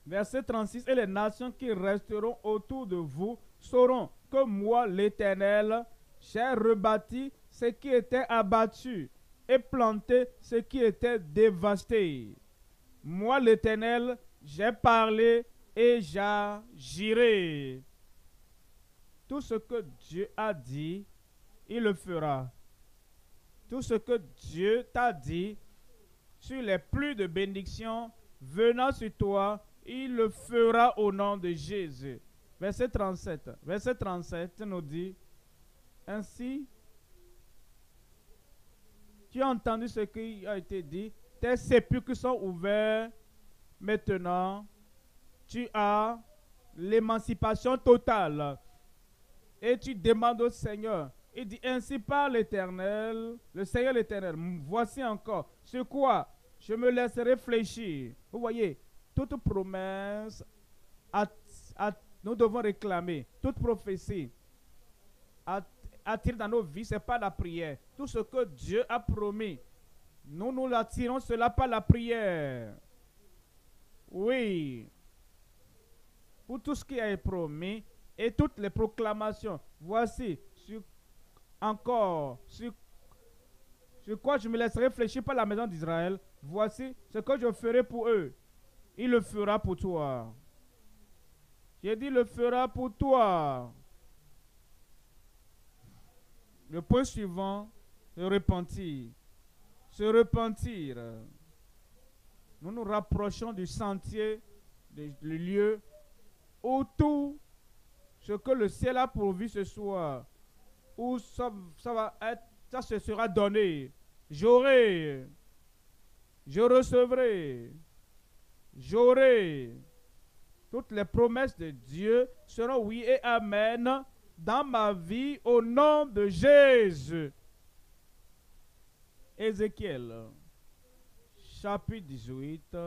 verset 36, et les nations qui resteront autour de vous sauront que moi, l'Éternel, j'ai rebâti ce qui était abattu et planté ce qui était dévasté. Moi, l'Éternel, j'ai parlé et j'agirai. Tout ce que Dieu a dit, il le fera tout ce que Dieu t'a dit sur les plus de bénédictions venant sur toi, il le fera au nom de Jésus. Verset 37. Verset 37 nous dit, Ainsi, tu as entendu ce qui a été dit, tes sépulcres sont ouverts maintenant, tu as l'émancipation totale. Et tu demandes au Seigneur il dit Ainsi par l'Éternel, le Seigneur l'Éternel, voici encore ce quoi je me laisse réfléchir. Vous voyez, toute promesse, nous devons réclamer, toute prophétie attire dans nos vies, ce n'est pas la prière. Tout ce que Dieu a promis, nous nous l'attirons cela par la prière. Oui. Pour tout ce qui est promis et toutes les proclamations. Voici, encore sur, quoi je me laisse réfléchir par la maison d'Israël, voici ce que je ferai pour eux. Il le fera pour toi. J'ai dit, le fera pour toi. Le point suivant, se repentir. Se repentir. Nous nous rapprochons du sentier, du lieu, où tout ce que le ciel a pourvu ce soir où ça, va être, ça se sera donné. J'aurai, je recevrai, j'aurai. Toutes les promesses de Dieu seront oui et amen dans ma vie au nom de Jésus. Ézéchiel, chapitre 18.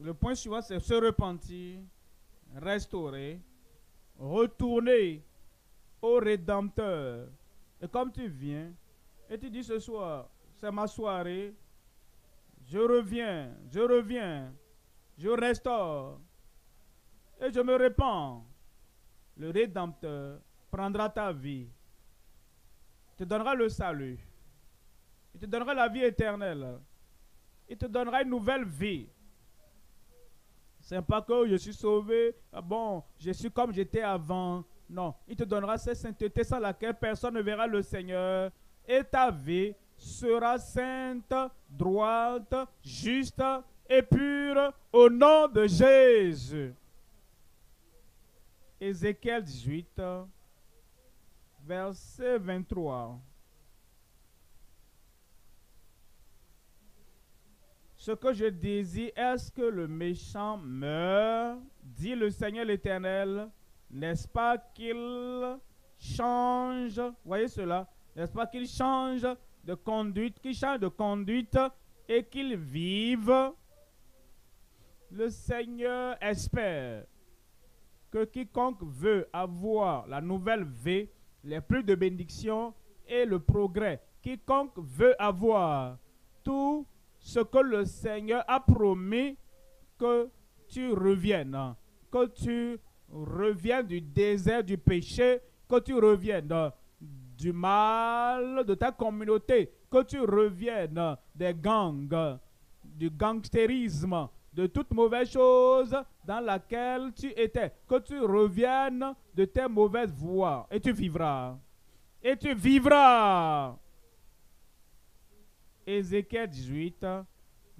Le point suivant, c'est se repentir restaurer, retourner au Rédempteur. Et comme tu viens, et tu dis ce soir, c'est ma soirée, je reviens, je reviens, je restaure, et je me répands. Le Rédempteur prendra ta vie, te donnera le salut, il te donnera la vie éternelle, il te donnera une nouvelle vie. Ce n'est pas que je suis sauvé, ah bon, je suis comme j'étais avant. Non, il te donnera cette sainteté sans laquelle personne ne verra le Seigneur. Et ta vie sera sainte, droite, juste et pure au nom de Jésus. Ézéchiel 18, verset 23. Ce que je désire, est-ce que le méchant meurt, dit le Seigneur l'Éternel. N'est-ce pas qu'il change, voyez cela, n'est-ce pas qu'il change de conduite, qu'il change de conduite et qu'il vive Le Seigneur espère que quiconque veut avoir la nouvelle vie, les plus de bénédictions et le progrès, quiconque veut avoir tout ce que le Seigneur a promis que tu reviennes, hein. que tu reviennes du désert du péché, que tu reviennes hein, du mal de ta communauté, que tu reviennes hein, des gangs, du gangstérisme, de toute mauvaise chose dans laquelle tu étais, que tu reviennes de tes mauvaises voies et tu vivras. Et tu vivras. Ézéchiel 18,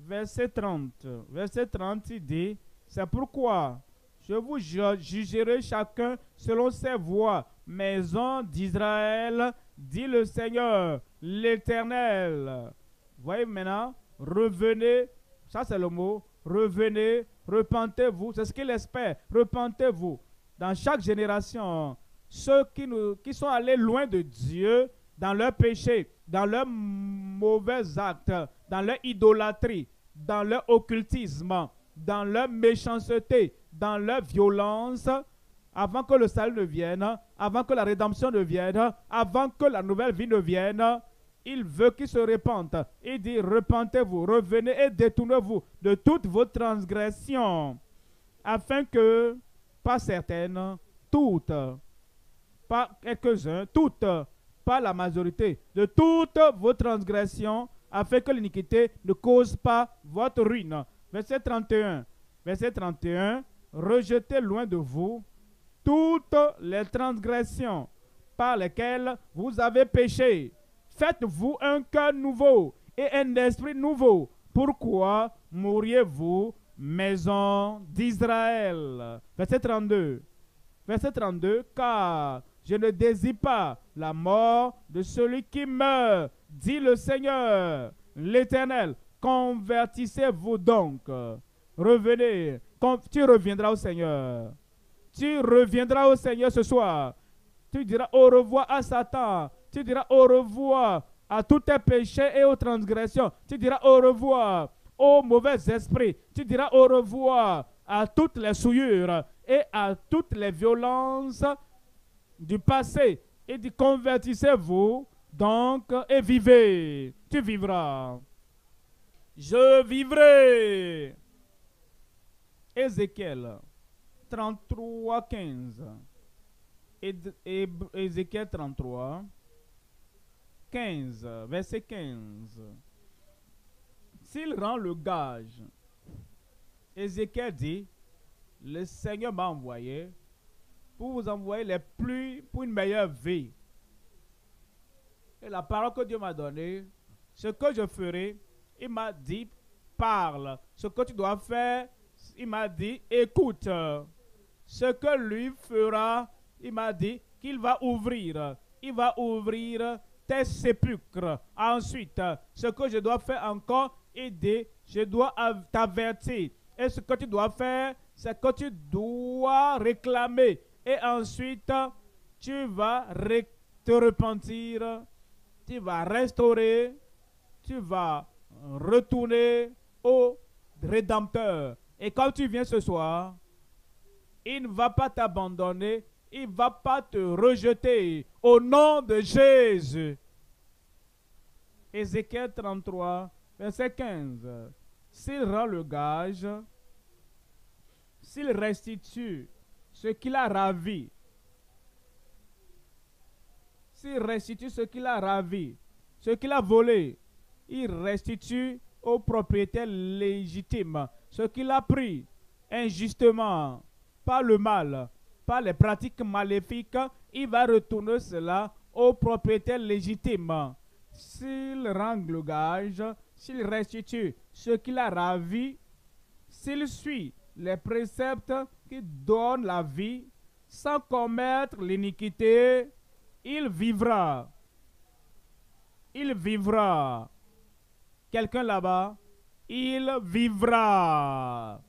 verset 30. Verset 30, il dit, c'est pourquoi je vous jugerai chacun selon ses voies, maison d'Israël, dit le Seigneur, l'Éternel. Voyez maintenant, revenez, ça c'est le mot, revenez, repentez-vous, c'est ce qu'il espère, repentez-vous. Dans chaque génération, ceux qui, nous, qui sont allés loin de Dieu dans leur péché, dans leurs mauvais actes, dans leur idolâtrie, dans leur occultisme, dans leur méchanceté, dans leur violence, avant que le salut ne vienne, avant que la rédemption ne vienne, avant que la nouvelle vie ne vienne, il veut qu'ils se repentent. Il dit, repentez-vous, revenez et détournez-vous de toutes vos transgressions, afin que, pas certaines, toutes, pas quelques-uns, toutes, pas la majorité de toutes vos transgressions, afin que l'iniquité ne cause pas votre ruine. Verset 31. Verset 31. Rejetez loin de vous toutes les transgressions par lesquelles vous avez péché. Faites-vous un cœur nouveau et un esprit nouveau. Pourquoi mourriez-vous, maison d'Israël Verset 32. Verset 32. Car je ne désire pas la mort de celui qui meurt, dit le Seigneur, l'Éternel. Convertissez-vous donc. Revenez. Tu reviendras au Seigneur. Tu reviendras au Seigneur ce soir. Tu diras au revoir à Satan. Tu diras au revoir à tous tes péchés et aux transgressions. Tu diras au revoir aux mauvais esprits. Tu diras au revoir à toutes les souillures et à toutes les violences du passé et dit, convertissez-vous donc et vivez. Tu vivras. Je vivrai. Ézéchiel 33, 15. Ézéchiel 33, 15, verset 15. S'il rend le gage, Ézéchiel dit, le Seigneur m'a envoyé pour vous envoyer les pluies pour une meilleure vie. Et la parole que Dieu m'a donnée, ce que je ferai, il m'a dit, parle. Ce que tu dois faire, il m'a dit, écoute. Ce que lui fera, il m'a dit qu'il va ouvrir. Il va ouvrir tes sépulcres. Ensuite, ce que je dois faire encore, aider. je dois t'avertir. Et ce que tu dois faire, c'est que tu dois réclamer et ensuite, tu vas te repentir, tu vas restaurer, tu vas retourner au Rédempteur. Et quand tu viens ce soir, il ne va pas t'abandonner, il ne va pas te rejeter. Au nom de Jésus. Ézéchiel 33, verset 15. S'il rend le gage, s'il restitue ce qu'il a ravi, s'il restitue ce qu'il a ravi, ce qu'il a volé, il restitue au propriétaire légitime ce qu'il a pris injustement, par le mal, par les pratiques maléfiques, il va retourner cela au propriétaire légitime. S'il rend le gage, s'il restitue ce qu'il a ravi, s'il suit les préceptes qui donne la vie sans commettre l'iniquité, il vivra. Il vivra. Quelqu'un là-bas, il vivra.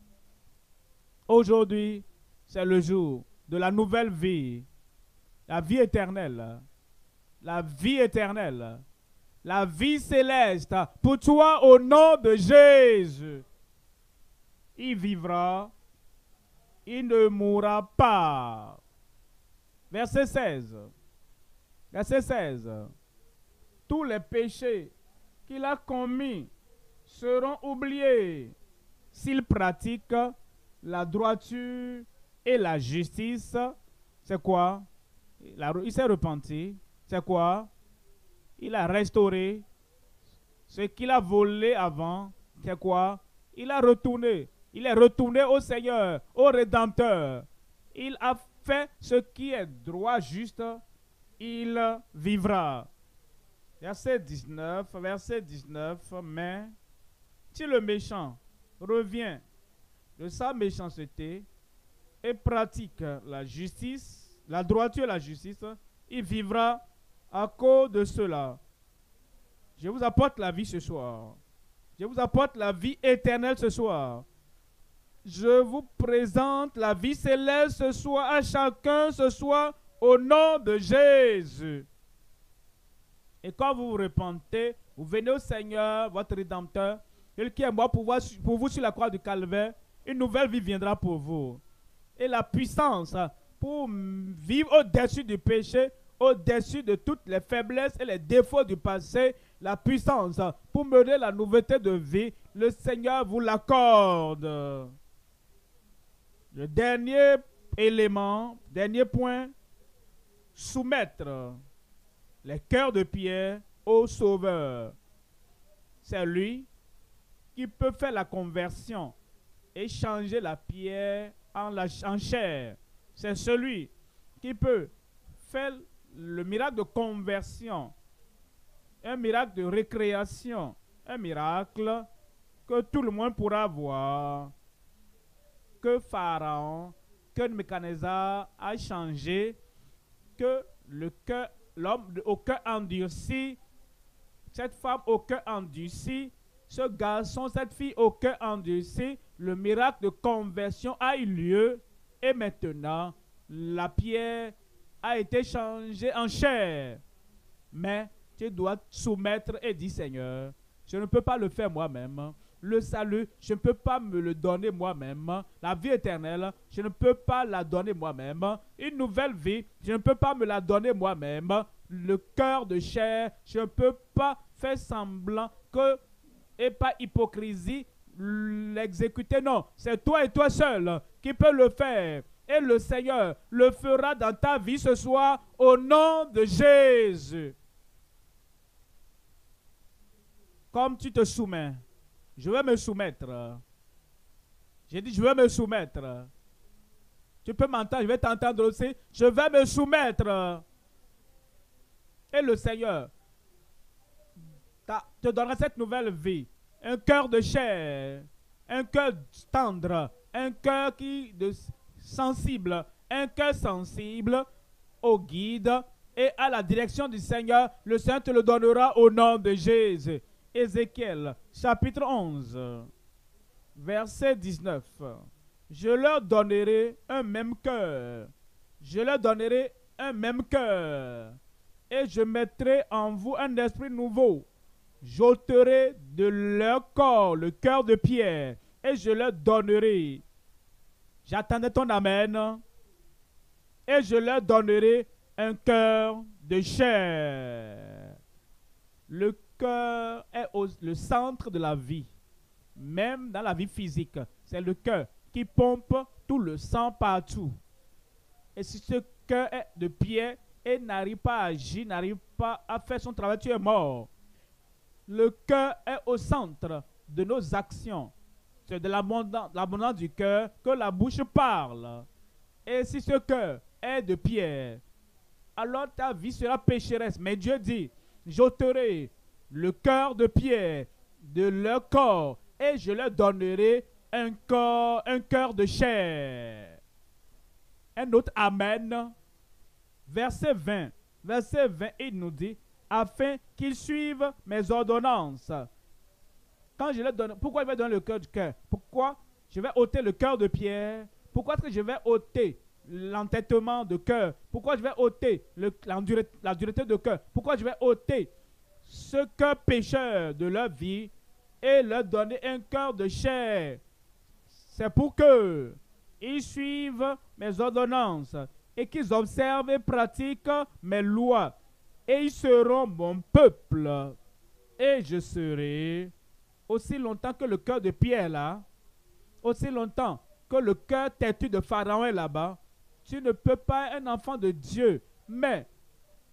Aujourd'hui, c'est le jour de la nouvelle vie, la vie éternelle, la vie éternelle, la vie céleste, pour toi au nom de Jésus. Il vivra il ne mourra pas. Verset 16. Verset 16. Tous les péchés qu'il a commis seront oubliés s'il pratique la droiture et la justice. C'est quoi Il s'est repenti. C'est quoi Il a restauré ce qu'il a volé avant. C'est quoi Il a retourné il est retourné au Seigneur, au Rédempteur. Il a fait ce qui est droit, juste. Il vivra. Verset 19, verset 19. Mais si le méchant revient de sa méchanceté et pratique la justice, la droiture et la justice, il vivra à cause de cela. Je vous apporte la vie ce soir. Je vous apporte la vie éternelle ce soir je vous présente la vie céleste ce soit à chacun ce soit au nom de Jésus. Et quand vous vous repentez, vous venez au Seigneur, votre Rédempteur, il qui est moi pour vous sur la croix du calvaire, une nouvelle vie viendra pour vous. Et la puissance hein, pour vivre au-dessus du péché, au-dessus de toutes les faiblesses et les défauts du passé, la puissance hein, pour mener la nouveauté de vie, le Seigneur vous l'accorde. Le dernier élément, dernier point, soumettre les cœurs de pierre au Sauveur. C'est lui qui peut faire la conversion et changer la pierre en, chair. C'est celui qui peut faire le miracle de conversion, un miracle de récréation, un miracle que tout le monde pourra voir que Pharaon, que Nebuchadnezzar a changé, que le l'homme au cœur endurci, cette femme au cœur endurci, ce garçon, cette fille au cœur endurci, le miracle de conversion a eu lieu et maintenant la pierre a été changée en chair. Mais tu dois soumettre et dire Seigneur, je ne peux pas le faire moi-même le salut, je ne peux pas me le donner moi-même. La vie éternelle, je ne peux pas la donner moi-même. Une nouvelle vie, je ne peux pas me la donner moi-même. Le cœur de chair, je ne peux pas faire semblant que, et pas hypocrisie, l'exécuter. Non, c'est toi et toi seul qui peux le faire. Et le Seigneur le fera dans ta vie ce soir au nom de Jésus. Comme tu te soumets. Je vais me soumettre. J'ai dit, je vais me soumettre. Tu peux m'entendre, je vais t'entendre aussi. Je vais me soumettre. Et le Seigneur te donnera cette nouvelle vie. Un cœur de chair, un cœur tendre, un cœur qui de, sensible, un cœur sensible au guide et à la direction du Seigneur. Le Seigneur te le donnera au nom de Jésus. Ézéchiel chapitre 11, verset 19. Je leur donnerai un même cœur. Je leur donnerai un même cœur. Et je mettrai en vous un esprit nouveau. J'ôterai de leur corps le cœur de pierre. Et je leur donnerai. J'attendais ton Amen. Et je leur donnerai un cœur de chair. Le cœur est le centre de la vie, même dans la vie physique. C'est le cœur qui pompe tout le sang partout. Et si ce cœur est de pierre et n'arrive pas à agir, n'arrive pas à faire son travail, tu es mort. Le cœur est au centre de nos actions. C'est de l'abondance du cœur que la bouche parle. Et si ce cœur est de pierre, alors ta vie sera pécheresse. Mais Dieu dit, j'ôterai le cœur de pierre de leur corps, et je leur donnerai un corps, un cœur de chair. Un autre Amen. Verset 20. Verset 20, il nous dit, afin qu'ils suivent mes ordonnances. Quand je leur donne, pourquoi je vais donner le cœur du cœur Pourquoi je vais ôter le cœur de pierre Pourquoi est-ce que je vais ôter l'entêtement de cœur Pourquoi je vais ôter la, la dureté de cœur Pourquoi je vais ôter ce cœur pécheur de la vie et leur donner un cœur de chair. C'est pour que ils suivent mes ordonnances et qu'ils observent et pratiquent mes lois. Et ils seront mon peuple. Et je serai, aussi longtemps que le cœur de Pierre là, aussi longtemps que le cœur têtu de Pharaon est là-bas, tu ne peux pas être un enfant de Dieu. Mais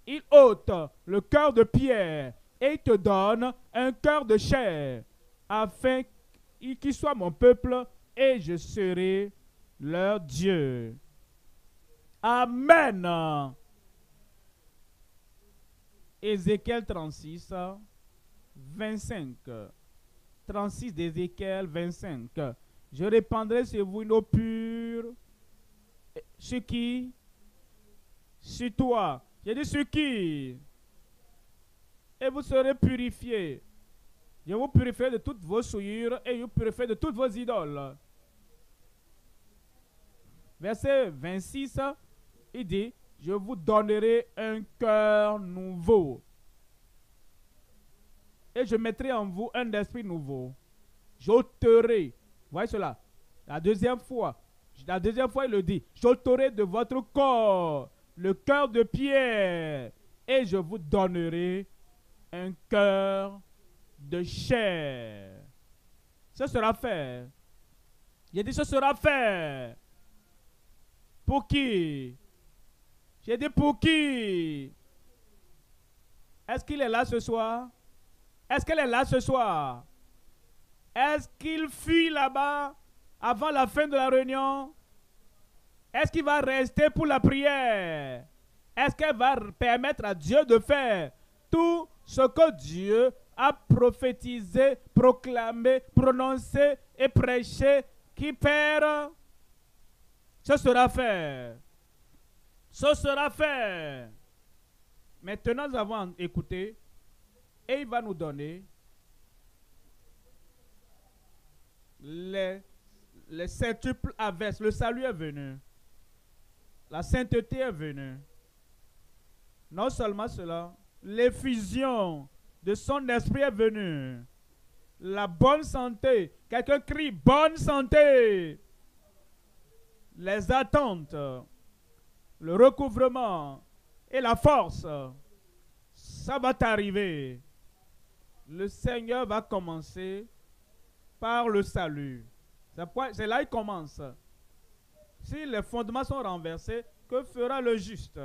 il ôte le cœur de Pierre et te donne un cœur de chair, afin qu'ils soient mon peuple et je serai leur Dieu. Amen. Ézéchiel 36, 25. 36 d'Ézéchiel 25. Je répandrai sur vous une eau pure. Sur qui Sur toi. J'ai dit sur qui et vous serez purifiés. Je vous purifierai de toutes vos souillures et je vous purifierai de toutes vos idoles. Verset 26, il dit, je vous donnerai un cœur nouveau. Et je mettrai en vous un esprit nouveau. J'ôterai. Voyez cela. La deuxième fois. La deuxième fois, il le dit. J'ôterai de votre corps le cœur de pierre. Et je vous donnerai un cœur de chair. Ce sera fait. J'ai dit, ce sera fait. Pour qui J'ai dit, pour qui Est-ce qu'il est là ce soir Est-ce qu'elle est là ce soir Est-ce qu'il fuit là-bas avant la fin de la réunion Est-ce qu'il va rester pour la prière Est-ce qu'elle va permettre à Dieu de faire tout ce que Dieu a prophétisé, proclamé, prononcé et prêché qui perd, ce sera fait. Ce sera fait. Maintenant, nous avons écouté et il va nous donner les, les septuples averses. Le salut est venu. La sainteté est venue. Non seulement cela, l'effusion de son esprit est venue. La bonne santé. Quelqu'un crie bonne santé. Les attentes, le recouvrement et la force, ça va t'arriver. Le Seigneur va commencer par le salut. C'est là qu'il commence. Si les fondements sont renversés, que fera le juste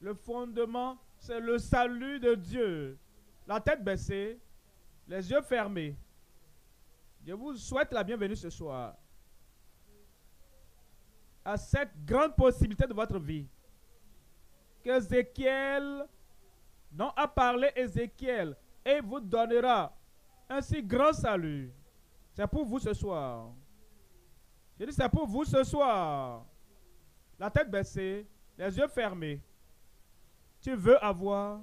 Le fondement c'est le salut de Dieu. La tête baissée, les yeux fermés. Je vous souhaite la bienvenue ce soir à cette grande possibilité de votre vie. Qu'Ézéchiel, non, a parlé Ézéchiel, et vous donnera un si grand salut. C'est pour vous ce soir. Je dis, c'est pour vous ce soir. La tête baissée, les yeux fermés tu veux avoir,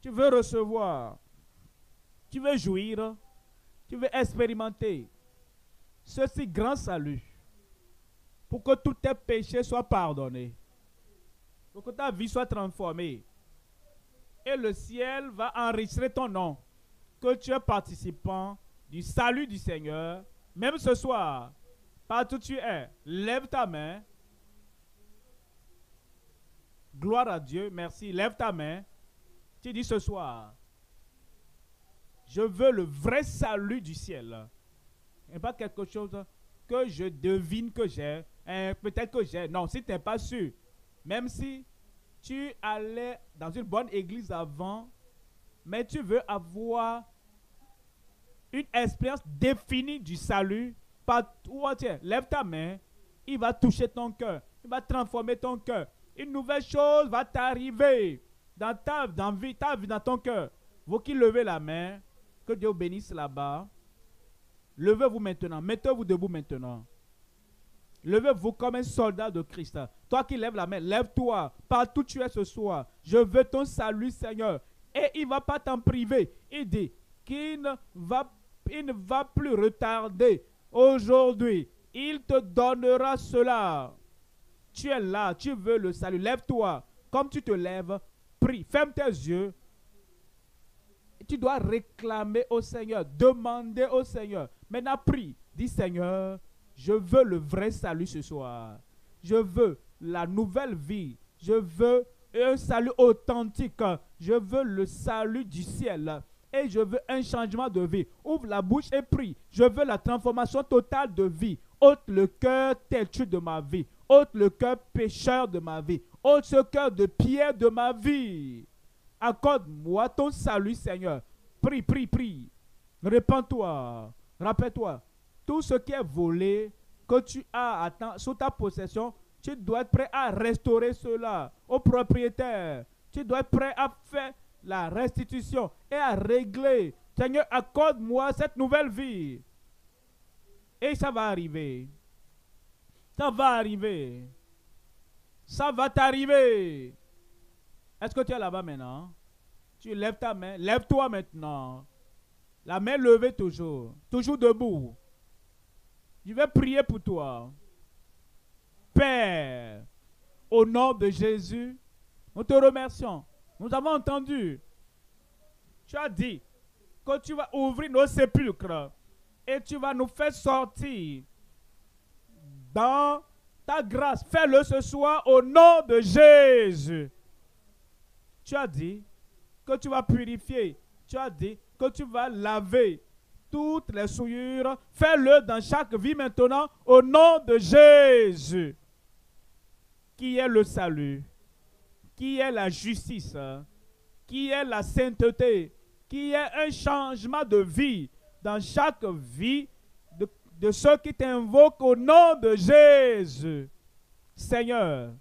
tu veux recevoir, tu veux jouir, tu veux expérimenter ce si grand salut pour que tous tes péchés soient pardonnés, pour que ta vie soit transformée. Et le ciel va enregistrer ton nom, que tu es participant du salut du Seigneur, même ce soir, partout où tu es, hein. lève ta main Gloire à Dieu. Merci. Lève ta main. Tu dis ce soir, je veux le vrai salut du ciel. Et pas quelque chose que je devine que j'ai. Hein, peut-être que j'ai. Non, si tu n'es pas sûr. Même si tu allais dans une bonne église avant, mais tu veux avoir une expérience définie du salut, pas toi, tiens, lève ta main, il va toucher ton cœur, il va transformer ton cœur, une nouvelle chose va t'arriver dans ta, dans vie, vie, dans ton cœur. Vous qui levez la main, que Dieu bénisse là-bas. Levez-vous maintenant. Mettez-vous debout maintenant. Levez-vous comme un soldat de Christ. Toi qui lèves la main, lève-toi. Partout tu es ce soir. Je veux ton salut, Seigneur. Et il ne va pas t'en priver. Il dit qu'il ne va plus retarder. Aujourd'hui, il te donnera cela. Tu es là, tu veux le salut. Lève-toi. Comme tu te lèves, prie. Ferme tes yeux. Tu dois réclamer au Seigneur, demander au Seigneur. Maintenant, prie. Dis Seigneur, je veux le vrai salut ce soir. Je veux la nouvelle vie. Je veux un salut authentique. Je veux le salut du ciel. Et je veux un changement de vie. Ouvre la bouche et prie. Je veux la transformation totale de vie. ôte le cœur têtu de ma vie ôte le cœur pécheur de ma vie, ôte ce cœur de pierre de ma vie. Accorde-moi ton salut, Seigneur. Prie, prie, prie. Répands-toi. Rappelle-toi, tout ce qui est volé, que tu as sous ta possession, tu dois être prêt à restaurer cela au propriétaire. Tu dois être prêt à faire la restitution et à régler. Seigneur, accorde-moi cette nouvelle vie. Et ça va arriver. Ça va arriver. Ça va t'arriver. Est-ce que tu es là-bas maintenant? Tu lèves ta main. Lève-toi maintenant. La main levée toujours. Toujours debout. Je vais prier pour toi. Père, au nom de Jésus, nous te remercions. Nous avons entendu. Tu as dit que tu vas ouvrir nos sépulcres et tu vas nous faire sortir dans ta grâce. Fais-le ce soir au nom de Jésus. Tu as dit que tu vas purifier. Tu as dit que tu vas laver toutes les souillures. Fais-le dans chaque vie maintenant au nom de Jésus. Qui est le salut? Qui est la justice? Qui est la sainteté? Qui est un changement de vie dans chaque vie de ceux qui t'invoquent au nom de Jésus. Seigneur,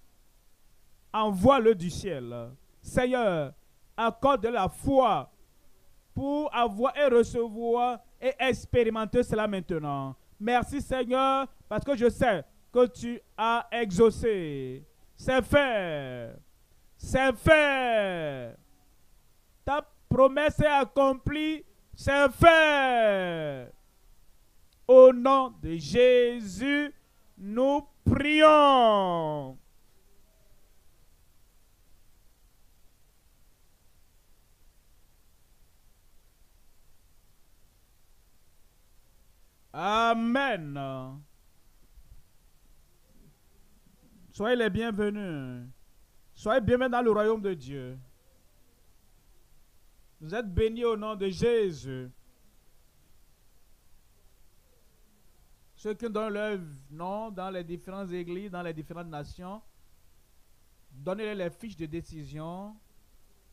envoie-le du ciel. Seigneur, accorde la foi pour avoir et recevoir et expérimenter cela maintenant. Merci Seigneur, parce que je sais que tu as exaucé. C'est fait. C'est fait. Ta promesse est accomplie. C'est fait. Au nom de Jésus, nous prions. Amen. Soyez les bienvenus. Soyez bienvenus dans le royaume de Dieu. Vous êtes bénis au nom de Jésus. Ceux qui donnent leur nom dans les différentes églises, dans les différentes nations, donnez-leur les fiches de décision,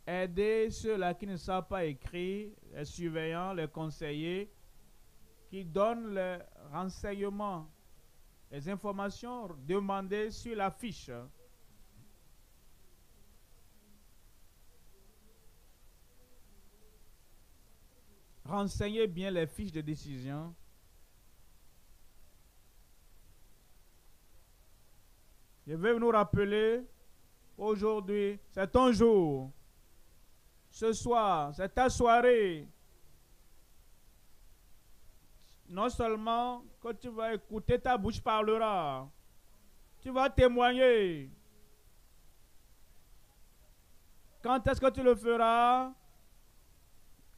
aidez ceux-là qui ne savent pas écrire, les surveillants, les conseillers, qui donnent les renseignements, les informations demandées sur la fiche. Renseignez bien les fiches de décision Je vais nous rappeler aujourd'hui, c'est ton jour. Ce soir, c'est ta soirée. Non seulement que tu vas écouter, ta bouche parlera. Tu vas témoigner. Quand est-ce que tu le feras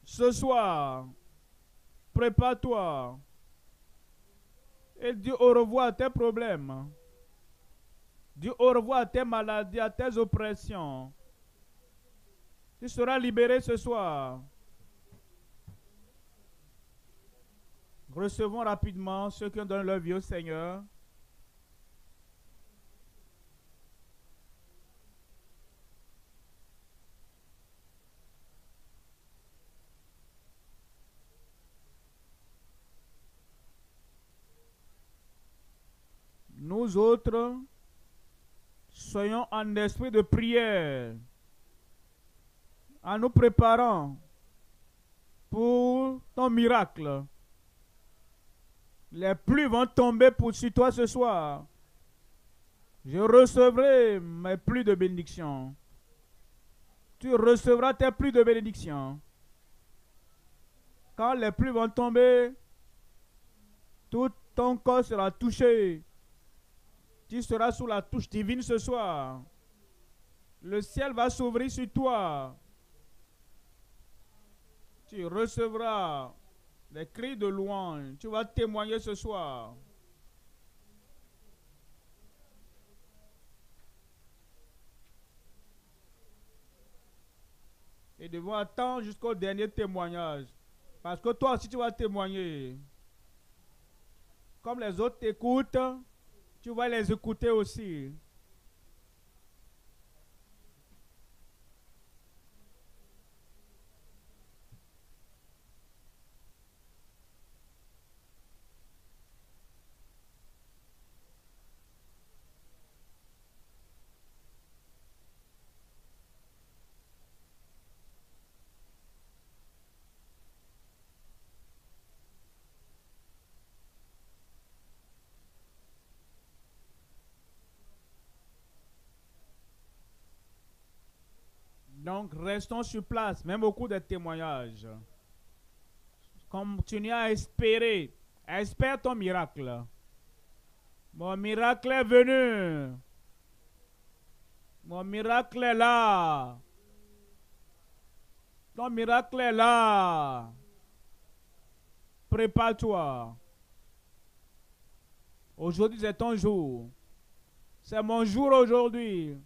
Ce soir. Prépare-toi. Et dis au revoir à tes problèmes. Dis au revoir à tes maladies, à tes oppressions. Tu seras libéré ce soir. Recevons rapidement ceux qui ont donné leur vie au Seigneur. Nous autres, soyons en esprit de prière, en nous préparant pour ton miracle. Les pluies vont tomber pour toi ce soir. Je recevrai mes pluies de bénédiction. Tu recevras tes pluies de bénédiction. Quand les pluies vont tomber, tout ton corps sera touché tu seras sous la touche divine ce soir. Le ciel va s'ouvrir sur toi. Tu recevras les cris de louange. Tu vas témoigner ce soir. Et devons attendre jusqu'au dernier témoignage. Parce que toi aussi tu vas témoigner. Comme les autres t'écoutent, tu vas les écouter aussi. Donc, restons sur place, même au cours des témoignages. Continue à espérer. Espère ton miracle. Mon miracle est venu. Mon miracle est là. Ton miracle est là. Prépare-toi. Aujourd'hui, c'est ton jour. C'est mon jour aujourd'hui.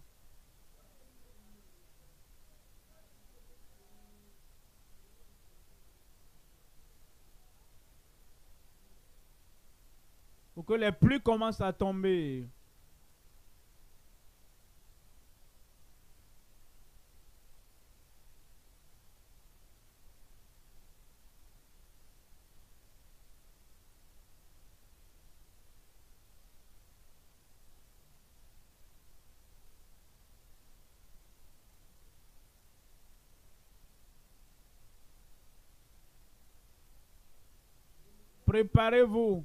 que les pluies commencent à tomber. Préparez-vous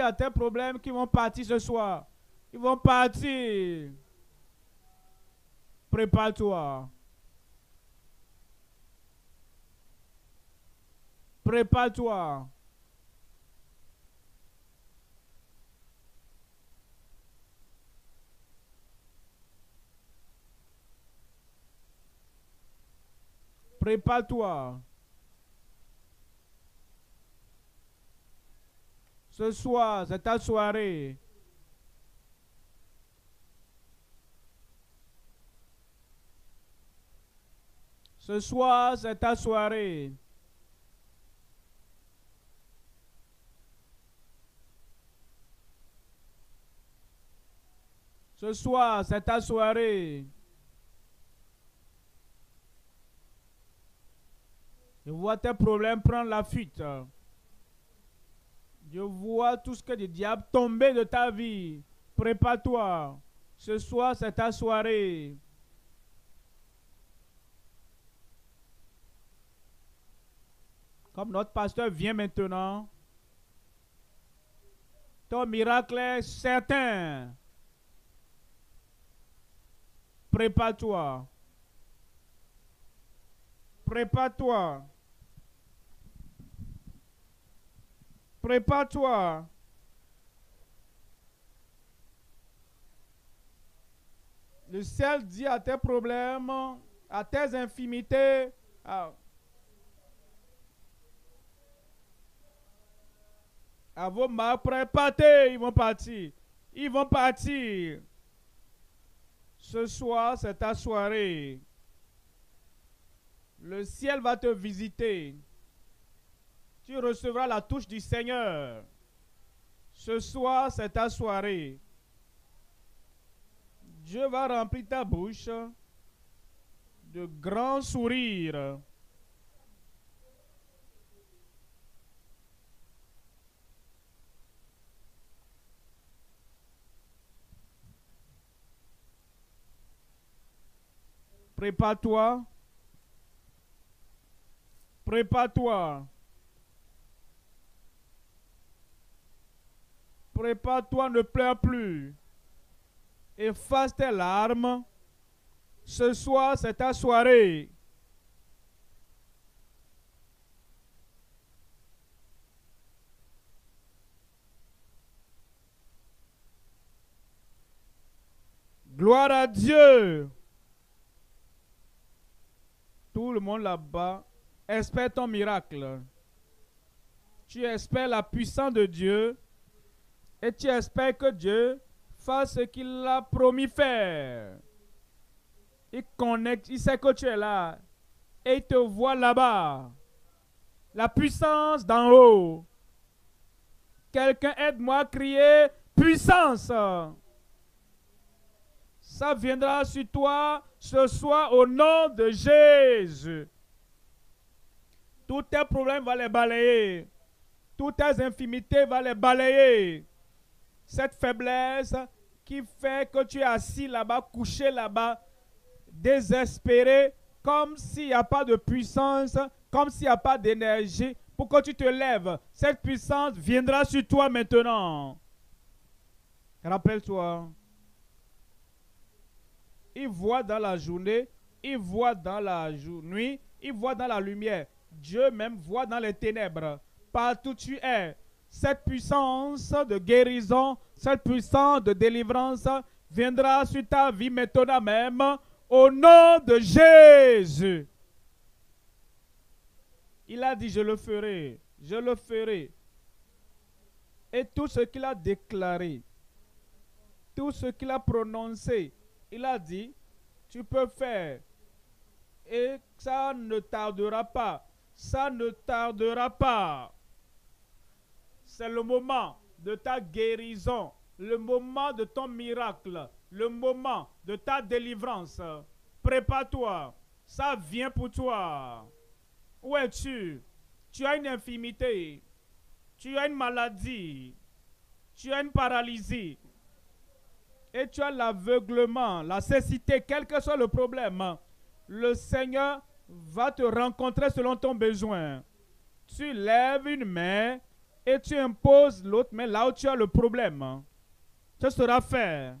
à tes problèmes qui vont partir ce soir. Ils vont partir. Prépare-toi. Prépare-toi. Prépare-toi. Ce soir, c'est ta soirée. Ce soir, c'est ta soirée. Ce soir, c'est ta soirée. Je vois tes problèmes prendre la fuite. Je vois tout ce que le diable tomber de ta vie. Prépare-toi. Ce soir, c'est ta soirée. Comme notre pasteur vient maintenant, ton miracle est certain. Prépare-toi. Prépare-toi. Prépare-toi. Le ciel dit à tes problèmes, à tes infimités, à, vos mal préparés, ils vont partir. Ils vont partir. Ce soir, c'est ta soirée. Le ciel va te visiter tu recevras la touche du Seigneur. Ce soir, c'est ta soirée. Dieu va remplir ta bouche de grands sourires. Prépare-toi. Prépare-toi. Prépare-toi, ne pleure plus. Efface tes larmes. Ce soir, c'est ta soirée. Gloire à Dieu. Tout le monde là-bas espère ton miracle. Tu espères la puissance de Dieu et tu espères que Dieu fasse ce qu'il a promis faire. Il il sait que tu es là et il te voit là-bas. La puissance d'en haut. Quelqu'un aide-moi à crier puissance. Ça viendra sur toi ce soir au nom de Jésus. Tous tes problèmes vont les balayer. Toutes tes infimités vont les balayer cette faiblesse qui fait que tu es assis là-bas, couché là-bas, désespéré, comme s'il n'y a pas de puissance, comme s'il n'y a pas d'énergie, pour que tu te lèves. Cette puissance viendra sur toi maintenant. Rappelle-toi. Il voit dans la journée, il voit dans la nuit, il voit dans la lumière. Dieu même voit dans les ténèbres. Partout tu es, cette puissance de guérison, cette puissance de délivrance viendra sur ta vie maintenant même, au nom de Jésus. Il a dit, je le ferai, je le ferai. Et tout ce qu'il a déclaré, tout ce qu'il a prononcé, il a dit, tu peux faire. Et ça ne tardera pas, ça ne tardera pas. C'est le moment de ta guérison, le moment de ton miracle, le moment de ta délivrance. Prépare-toi, ça vient pour toi. Où es-tu Tu as une infirmité, tu as une maladie, tu as une paralysie et tu as l'aveuglement, la cécité, quel que soit le problème. Le Seigneur va te rencontrer selon ton besoin. Tu lèves une main et tu imposes l'autre main là où tu as le problème. Hein, ce sera fait.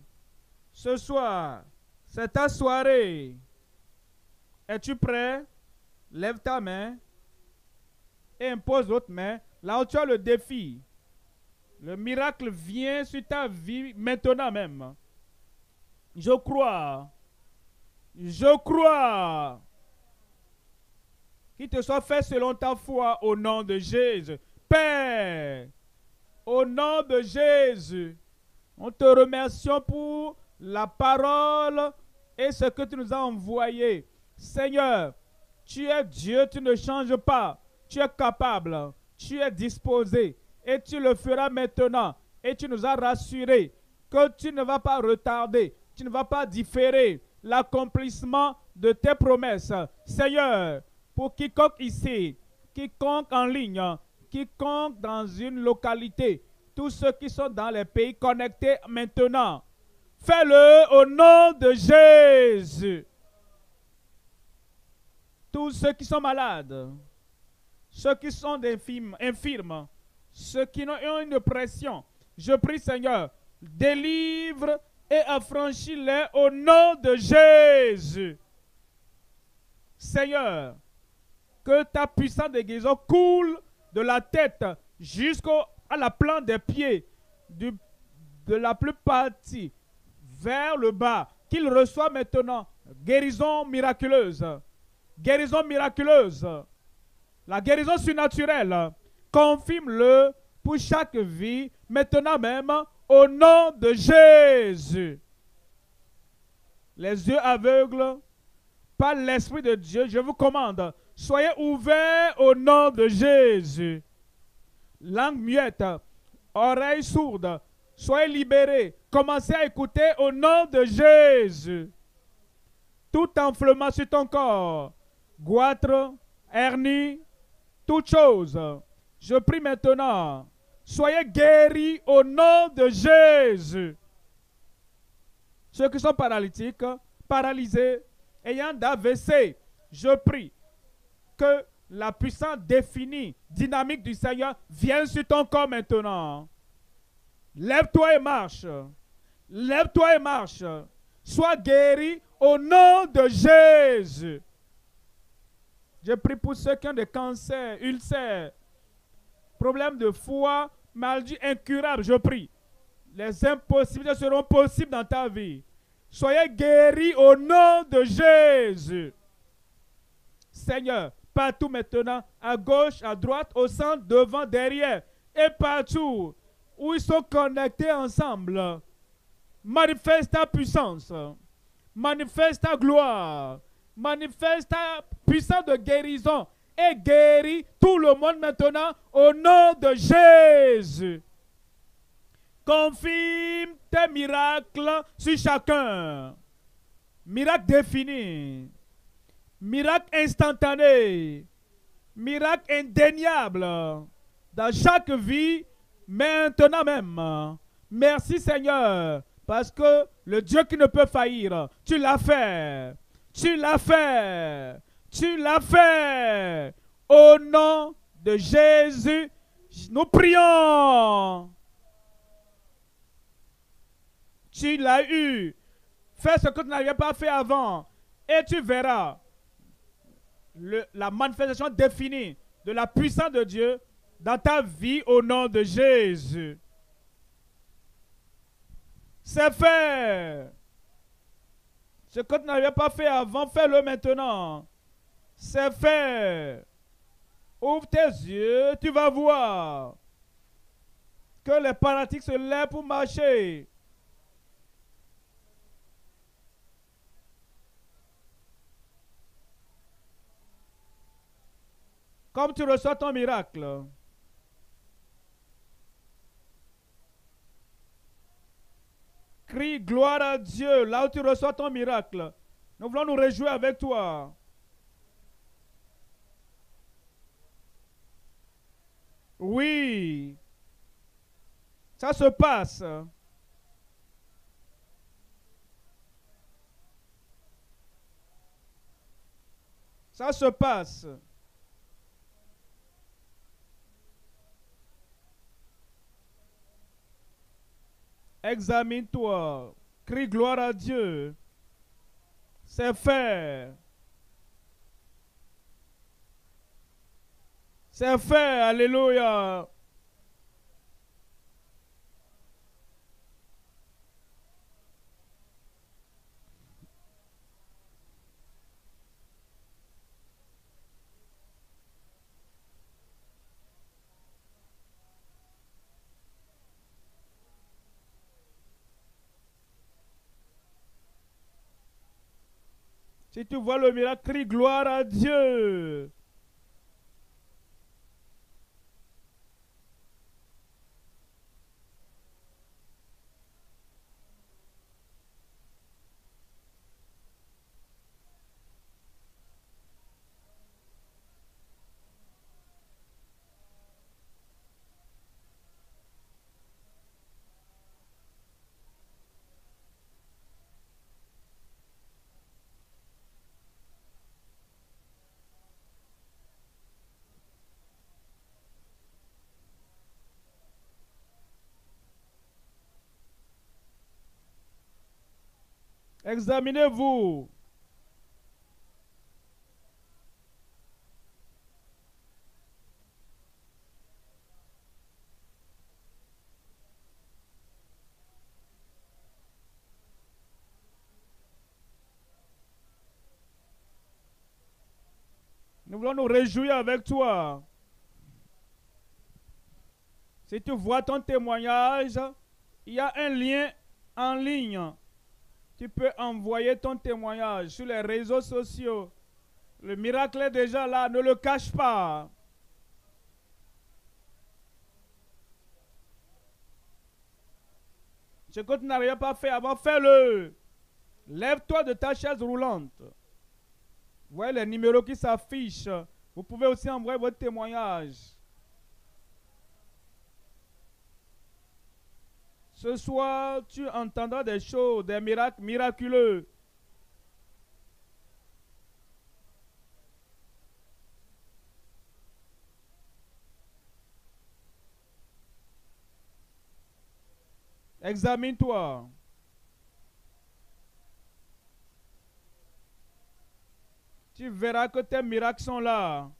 Ce soir, c'est ta soirée. Es-tu prêt? Lève ta main et impose l'autre main là où tu as le défi. Le miracle vient sur ta vie maintenant même. Je crois. Je crois. Qu'il te soit fait selon ta foi au nom de Jésus. Père, au nom de Jésus, on te remercie pour la parole et ce que tu nous as envoyé. Seigneur, tu es Dieu, tu ne changes pas. Tu es capable, tu es disposé et tu le feras maintenant. Et tu nous as rassuré que tu ne vas pas retarder, tu ne vas pas différer l'accomplissement de tes promesses. Seigneur, pour quiconque ici, quiconque en ligne, quiconque dans une localité, tous ceux qui sont dans les pays connectés maintenant, fais-le au nom de Jésus. Tous ceux qui sont malades, ceux qui sont infirmes, infirmes ceux qui ont une pression, je prie Seigneur, délivre et affranchis-les au nom de Jésus. Seigneur, que ta puissance de guérison coule de la tête jusqu'à la plante des pieds, du, de la plus partie vers le bas, qu'il reçoit maintenant guérison miraculeuse. Guérison miraculeuse. La guérison surnaturelle. Confirme-le pour chaque vie, maintenant même, au nom de Jésus. Les yeux aveugles, par l'Esprit de Dieu, je vous commande Soyez ouverts au nom de Jésus. Langue muette, oreille sourde, soyez libérés. Commencez à écouter au nom de Jésus. Tout enflement sur ton corps, goitre, hernie, toute chose. Je prie maintenant, soyez guéris au nom de Jésus. Ceux qui sont paralytiques, paralysés, ayant d'AVC, je prie, que la puissance définie, dynamique du Seigneur vienne sur ton corps maintenant. Lève-toi et marche. Lève-toi et marche. Sois guéri au nom de Jésus. Je prie pour ceux qui ont des cancers, ulcères, problèmes de foi, maladies incurables. Je prie. Les impossibilités seront possibles dans ta vie. Soyez guéri au nom de Jésus. Seigneur, partout maintenant, à gauche, à droite, au centre, devant, derrière, et partout où ils sont connectés ensemble. Manifeste ta puissance, manifeste ta gloire, manifeste ta puissance de guérison et guéris tout le monde maintenant au nom de Jésus. Confirme tes miracles sur chacun. Miracle défini Miracle instantané, miracle indéniable dans chaque vie, maintenant même. Merci Seigneur, parce que le Dieu qui ne peut faillir, tu l'as fait, tu l'as fait, tu l'as fait. Au nom de Jésus, nous prions. Tu l'as eu. Fais ce que tu n'avais pas fait avant et tu verras la manifestation définie de la puissance de Dieu dans ta vie au nom de Jésus. C'est fait. Ce que tu n'avais pas fait avant, fais-le maintenant. C'est fait. Ouvre tes yeux, tu vas voir que les paratiques se lèvent pour marcher. comme tu reçois ton miracle, crie gloire à Dieu là où tu reçois ton miracle. Nous voulons nous réjouir avec toi. Oui, ça se passe. Ça se passe. Examine-toi, crie gloire à Dieu. C'est fait. C'est fait, alléluia. tu vois le miracle, gloire à Dieu. Examinez-vous. Nous voulons nous réjouir avec toi. Si tu vois ton témoignage, il y a un lien en ligne tu peux envoyer ton témoignage sur les réseaux sociaux. Le miracle est déjà là, ne le cache pas. Ce que tu n'as rien pas fait avant, fais-le. Lève-toi de ta chaise roulante. Voyez les numéros qui s'affichent. Vous pouvez aussi envoyer votre témoignage. Ce soir, tu entendras des choses, des miracles miraculeux. Examine-toi. Tu verras que tes miracles sont là.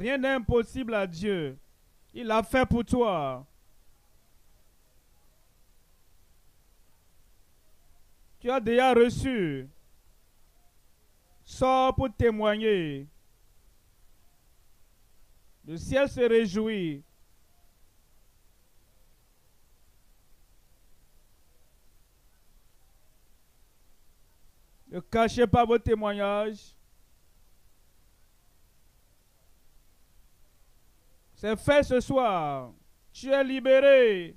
Rien n'est impossible à Dieu. Il l'a fait pour toi. Tu as déjà reçu. Sors pour témoigner. Le ciel se réjouit. Ne cachez pas vos témoignages. C'est fait ce soir. Tu es libéré.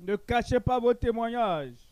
Ne cachez pas vos témoignages.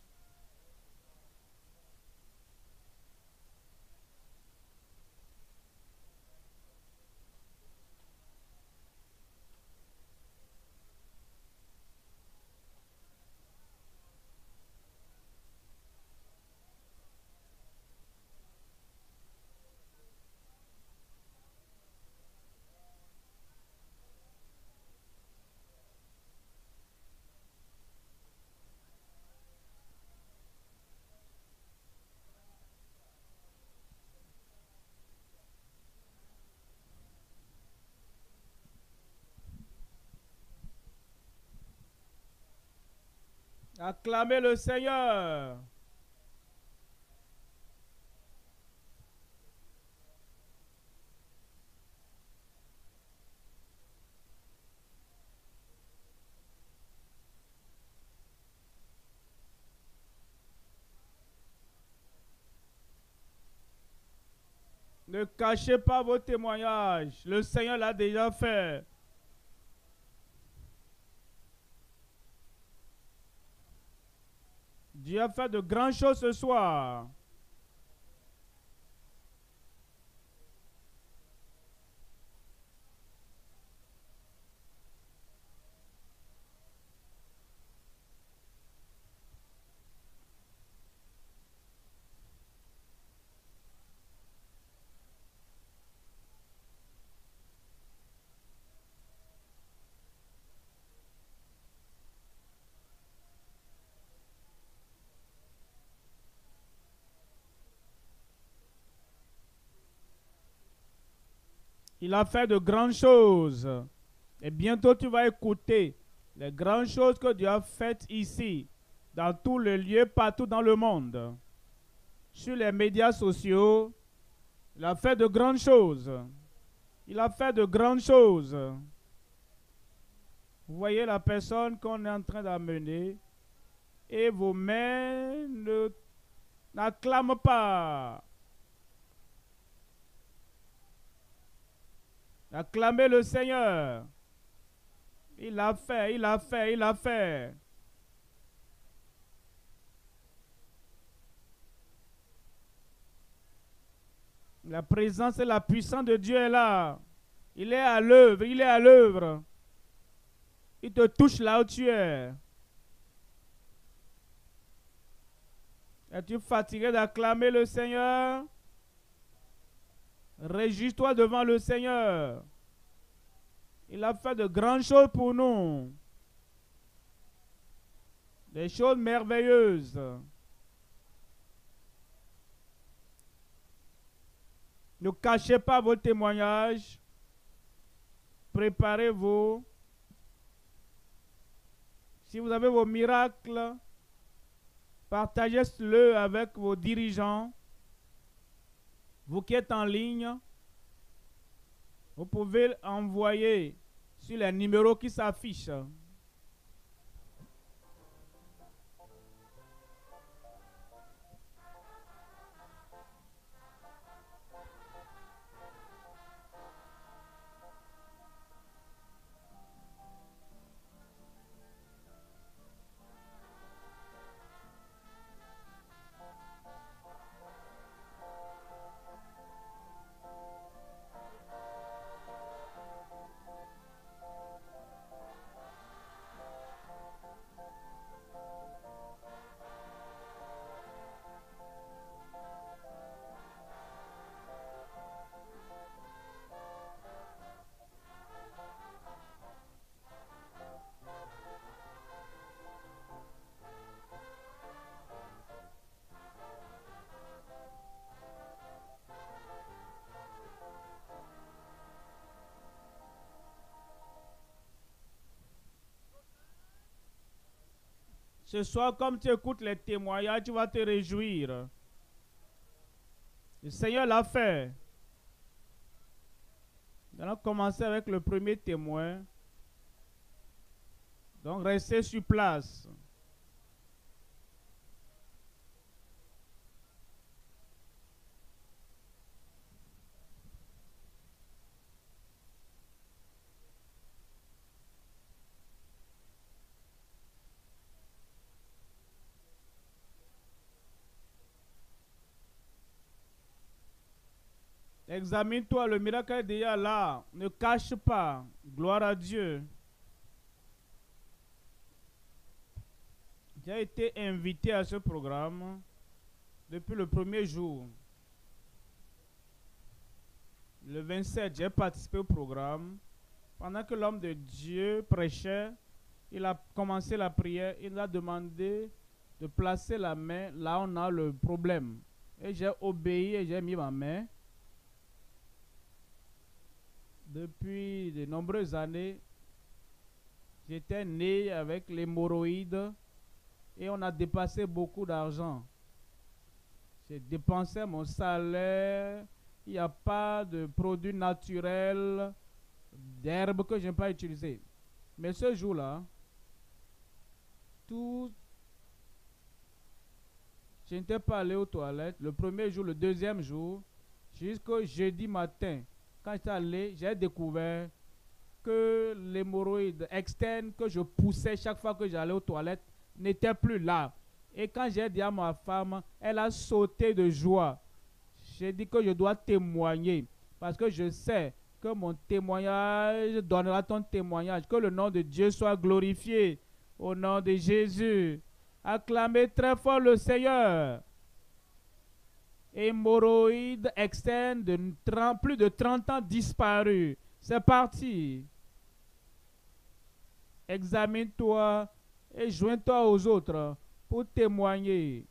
Acclamez le Seigneur. Ne cachez pas vos témoignages. Le Seigneur l'a déjà fait. J'ai a fait de grandes choses ce soir. Il a fait de grandes choses. Et bientôt tu vas écouter les grandes choses que Dieu a faites ici, dans tous les lieux, partout dans le monde. Sur les médias sociaux, il a fait de grandes choses. Il a fait de grandes choses. Vous voyez la personne qu'on est en train d'amener et vos mains n'acclament pas Acclamez le Seigneur. Il a fait, il a fait, il a fait. La présence et la puissance de Dieu est là. Il est à l'œuvre, il est à l'œuvre. Il te touche là où tu es. Es-tu fatigué d'acclamer le Seigneur? Régis-toi devant le Seigneur. Il a fait de grandes choses pour nous. Des choses merveilleuses. Ne cachez pas vos témoignages. Préparez-vous. Si vous avez vos miracles, partagez-le avec vos dirigeants. Vous qui êtes en ligne, vous pouvez envoyer sur les numéros qui s'affichent. Ce soir, comme tu écoutes les témoignages, tu vas te réjouir. Le Seigneur l'a fait. Nous allons commencer avec le premier témoin. Donc, restez sur place. Examine-toi, le miracle est déjà là. Ne cache pas. Gloire à Dieu. J'ai été invité à ce programme depuis le premier jour. Le 27, j'ai participé au programme. Pendant que l'homme de Dieu prêchait, il a commencé la prière. Il a demandé de placer la main là on a le problème. Et j'ai obéi et j'ai mis ma main depuis de nombreuses années, j'étais né avec l'hémorroïde et on a dépassé beaucoup d'argent. J'ai dépensé mon salaire, il n'y a pas de produits naturels, d'herbes que je n'ai pas utilisées. Mais ce jour-là, tout... Je n'étais pas allé aux toilettes le premier jour, le deuxième jour, jusqu'au jeudi matin quand j'étais allé, j'ai découvert que l'hémorroïde externe que je poussais chaque fois que j'allais aux toilettes n'était plus là. Et quand j'ai dit à ma femme, elle a sauté de joie. J'ai dit que je dois témoigner parce que je sais que mon témoignage donnera ton témoignage. Que le nom de Dieu soit glorifié au nom de Jésus. Acclamez très fort le Seigneur hémorroïdes externes de plus de 30 ans disparus. C'est parti. Examine-toi et joins-toi aux autres pour témoigner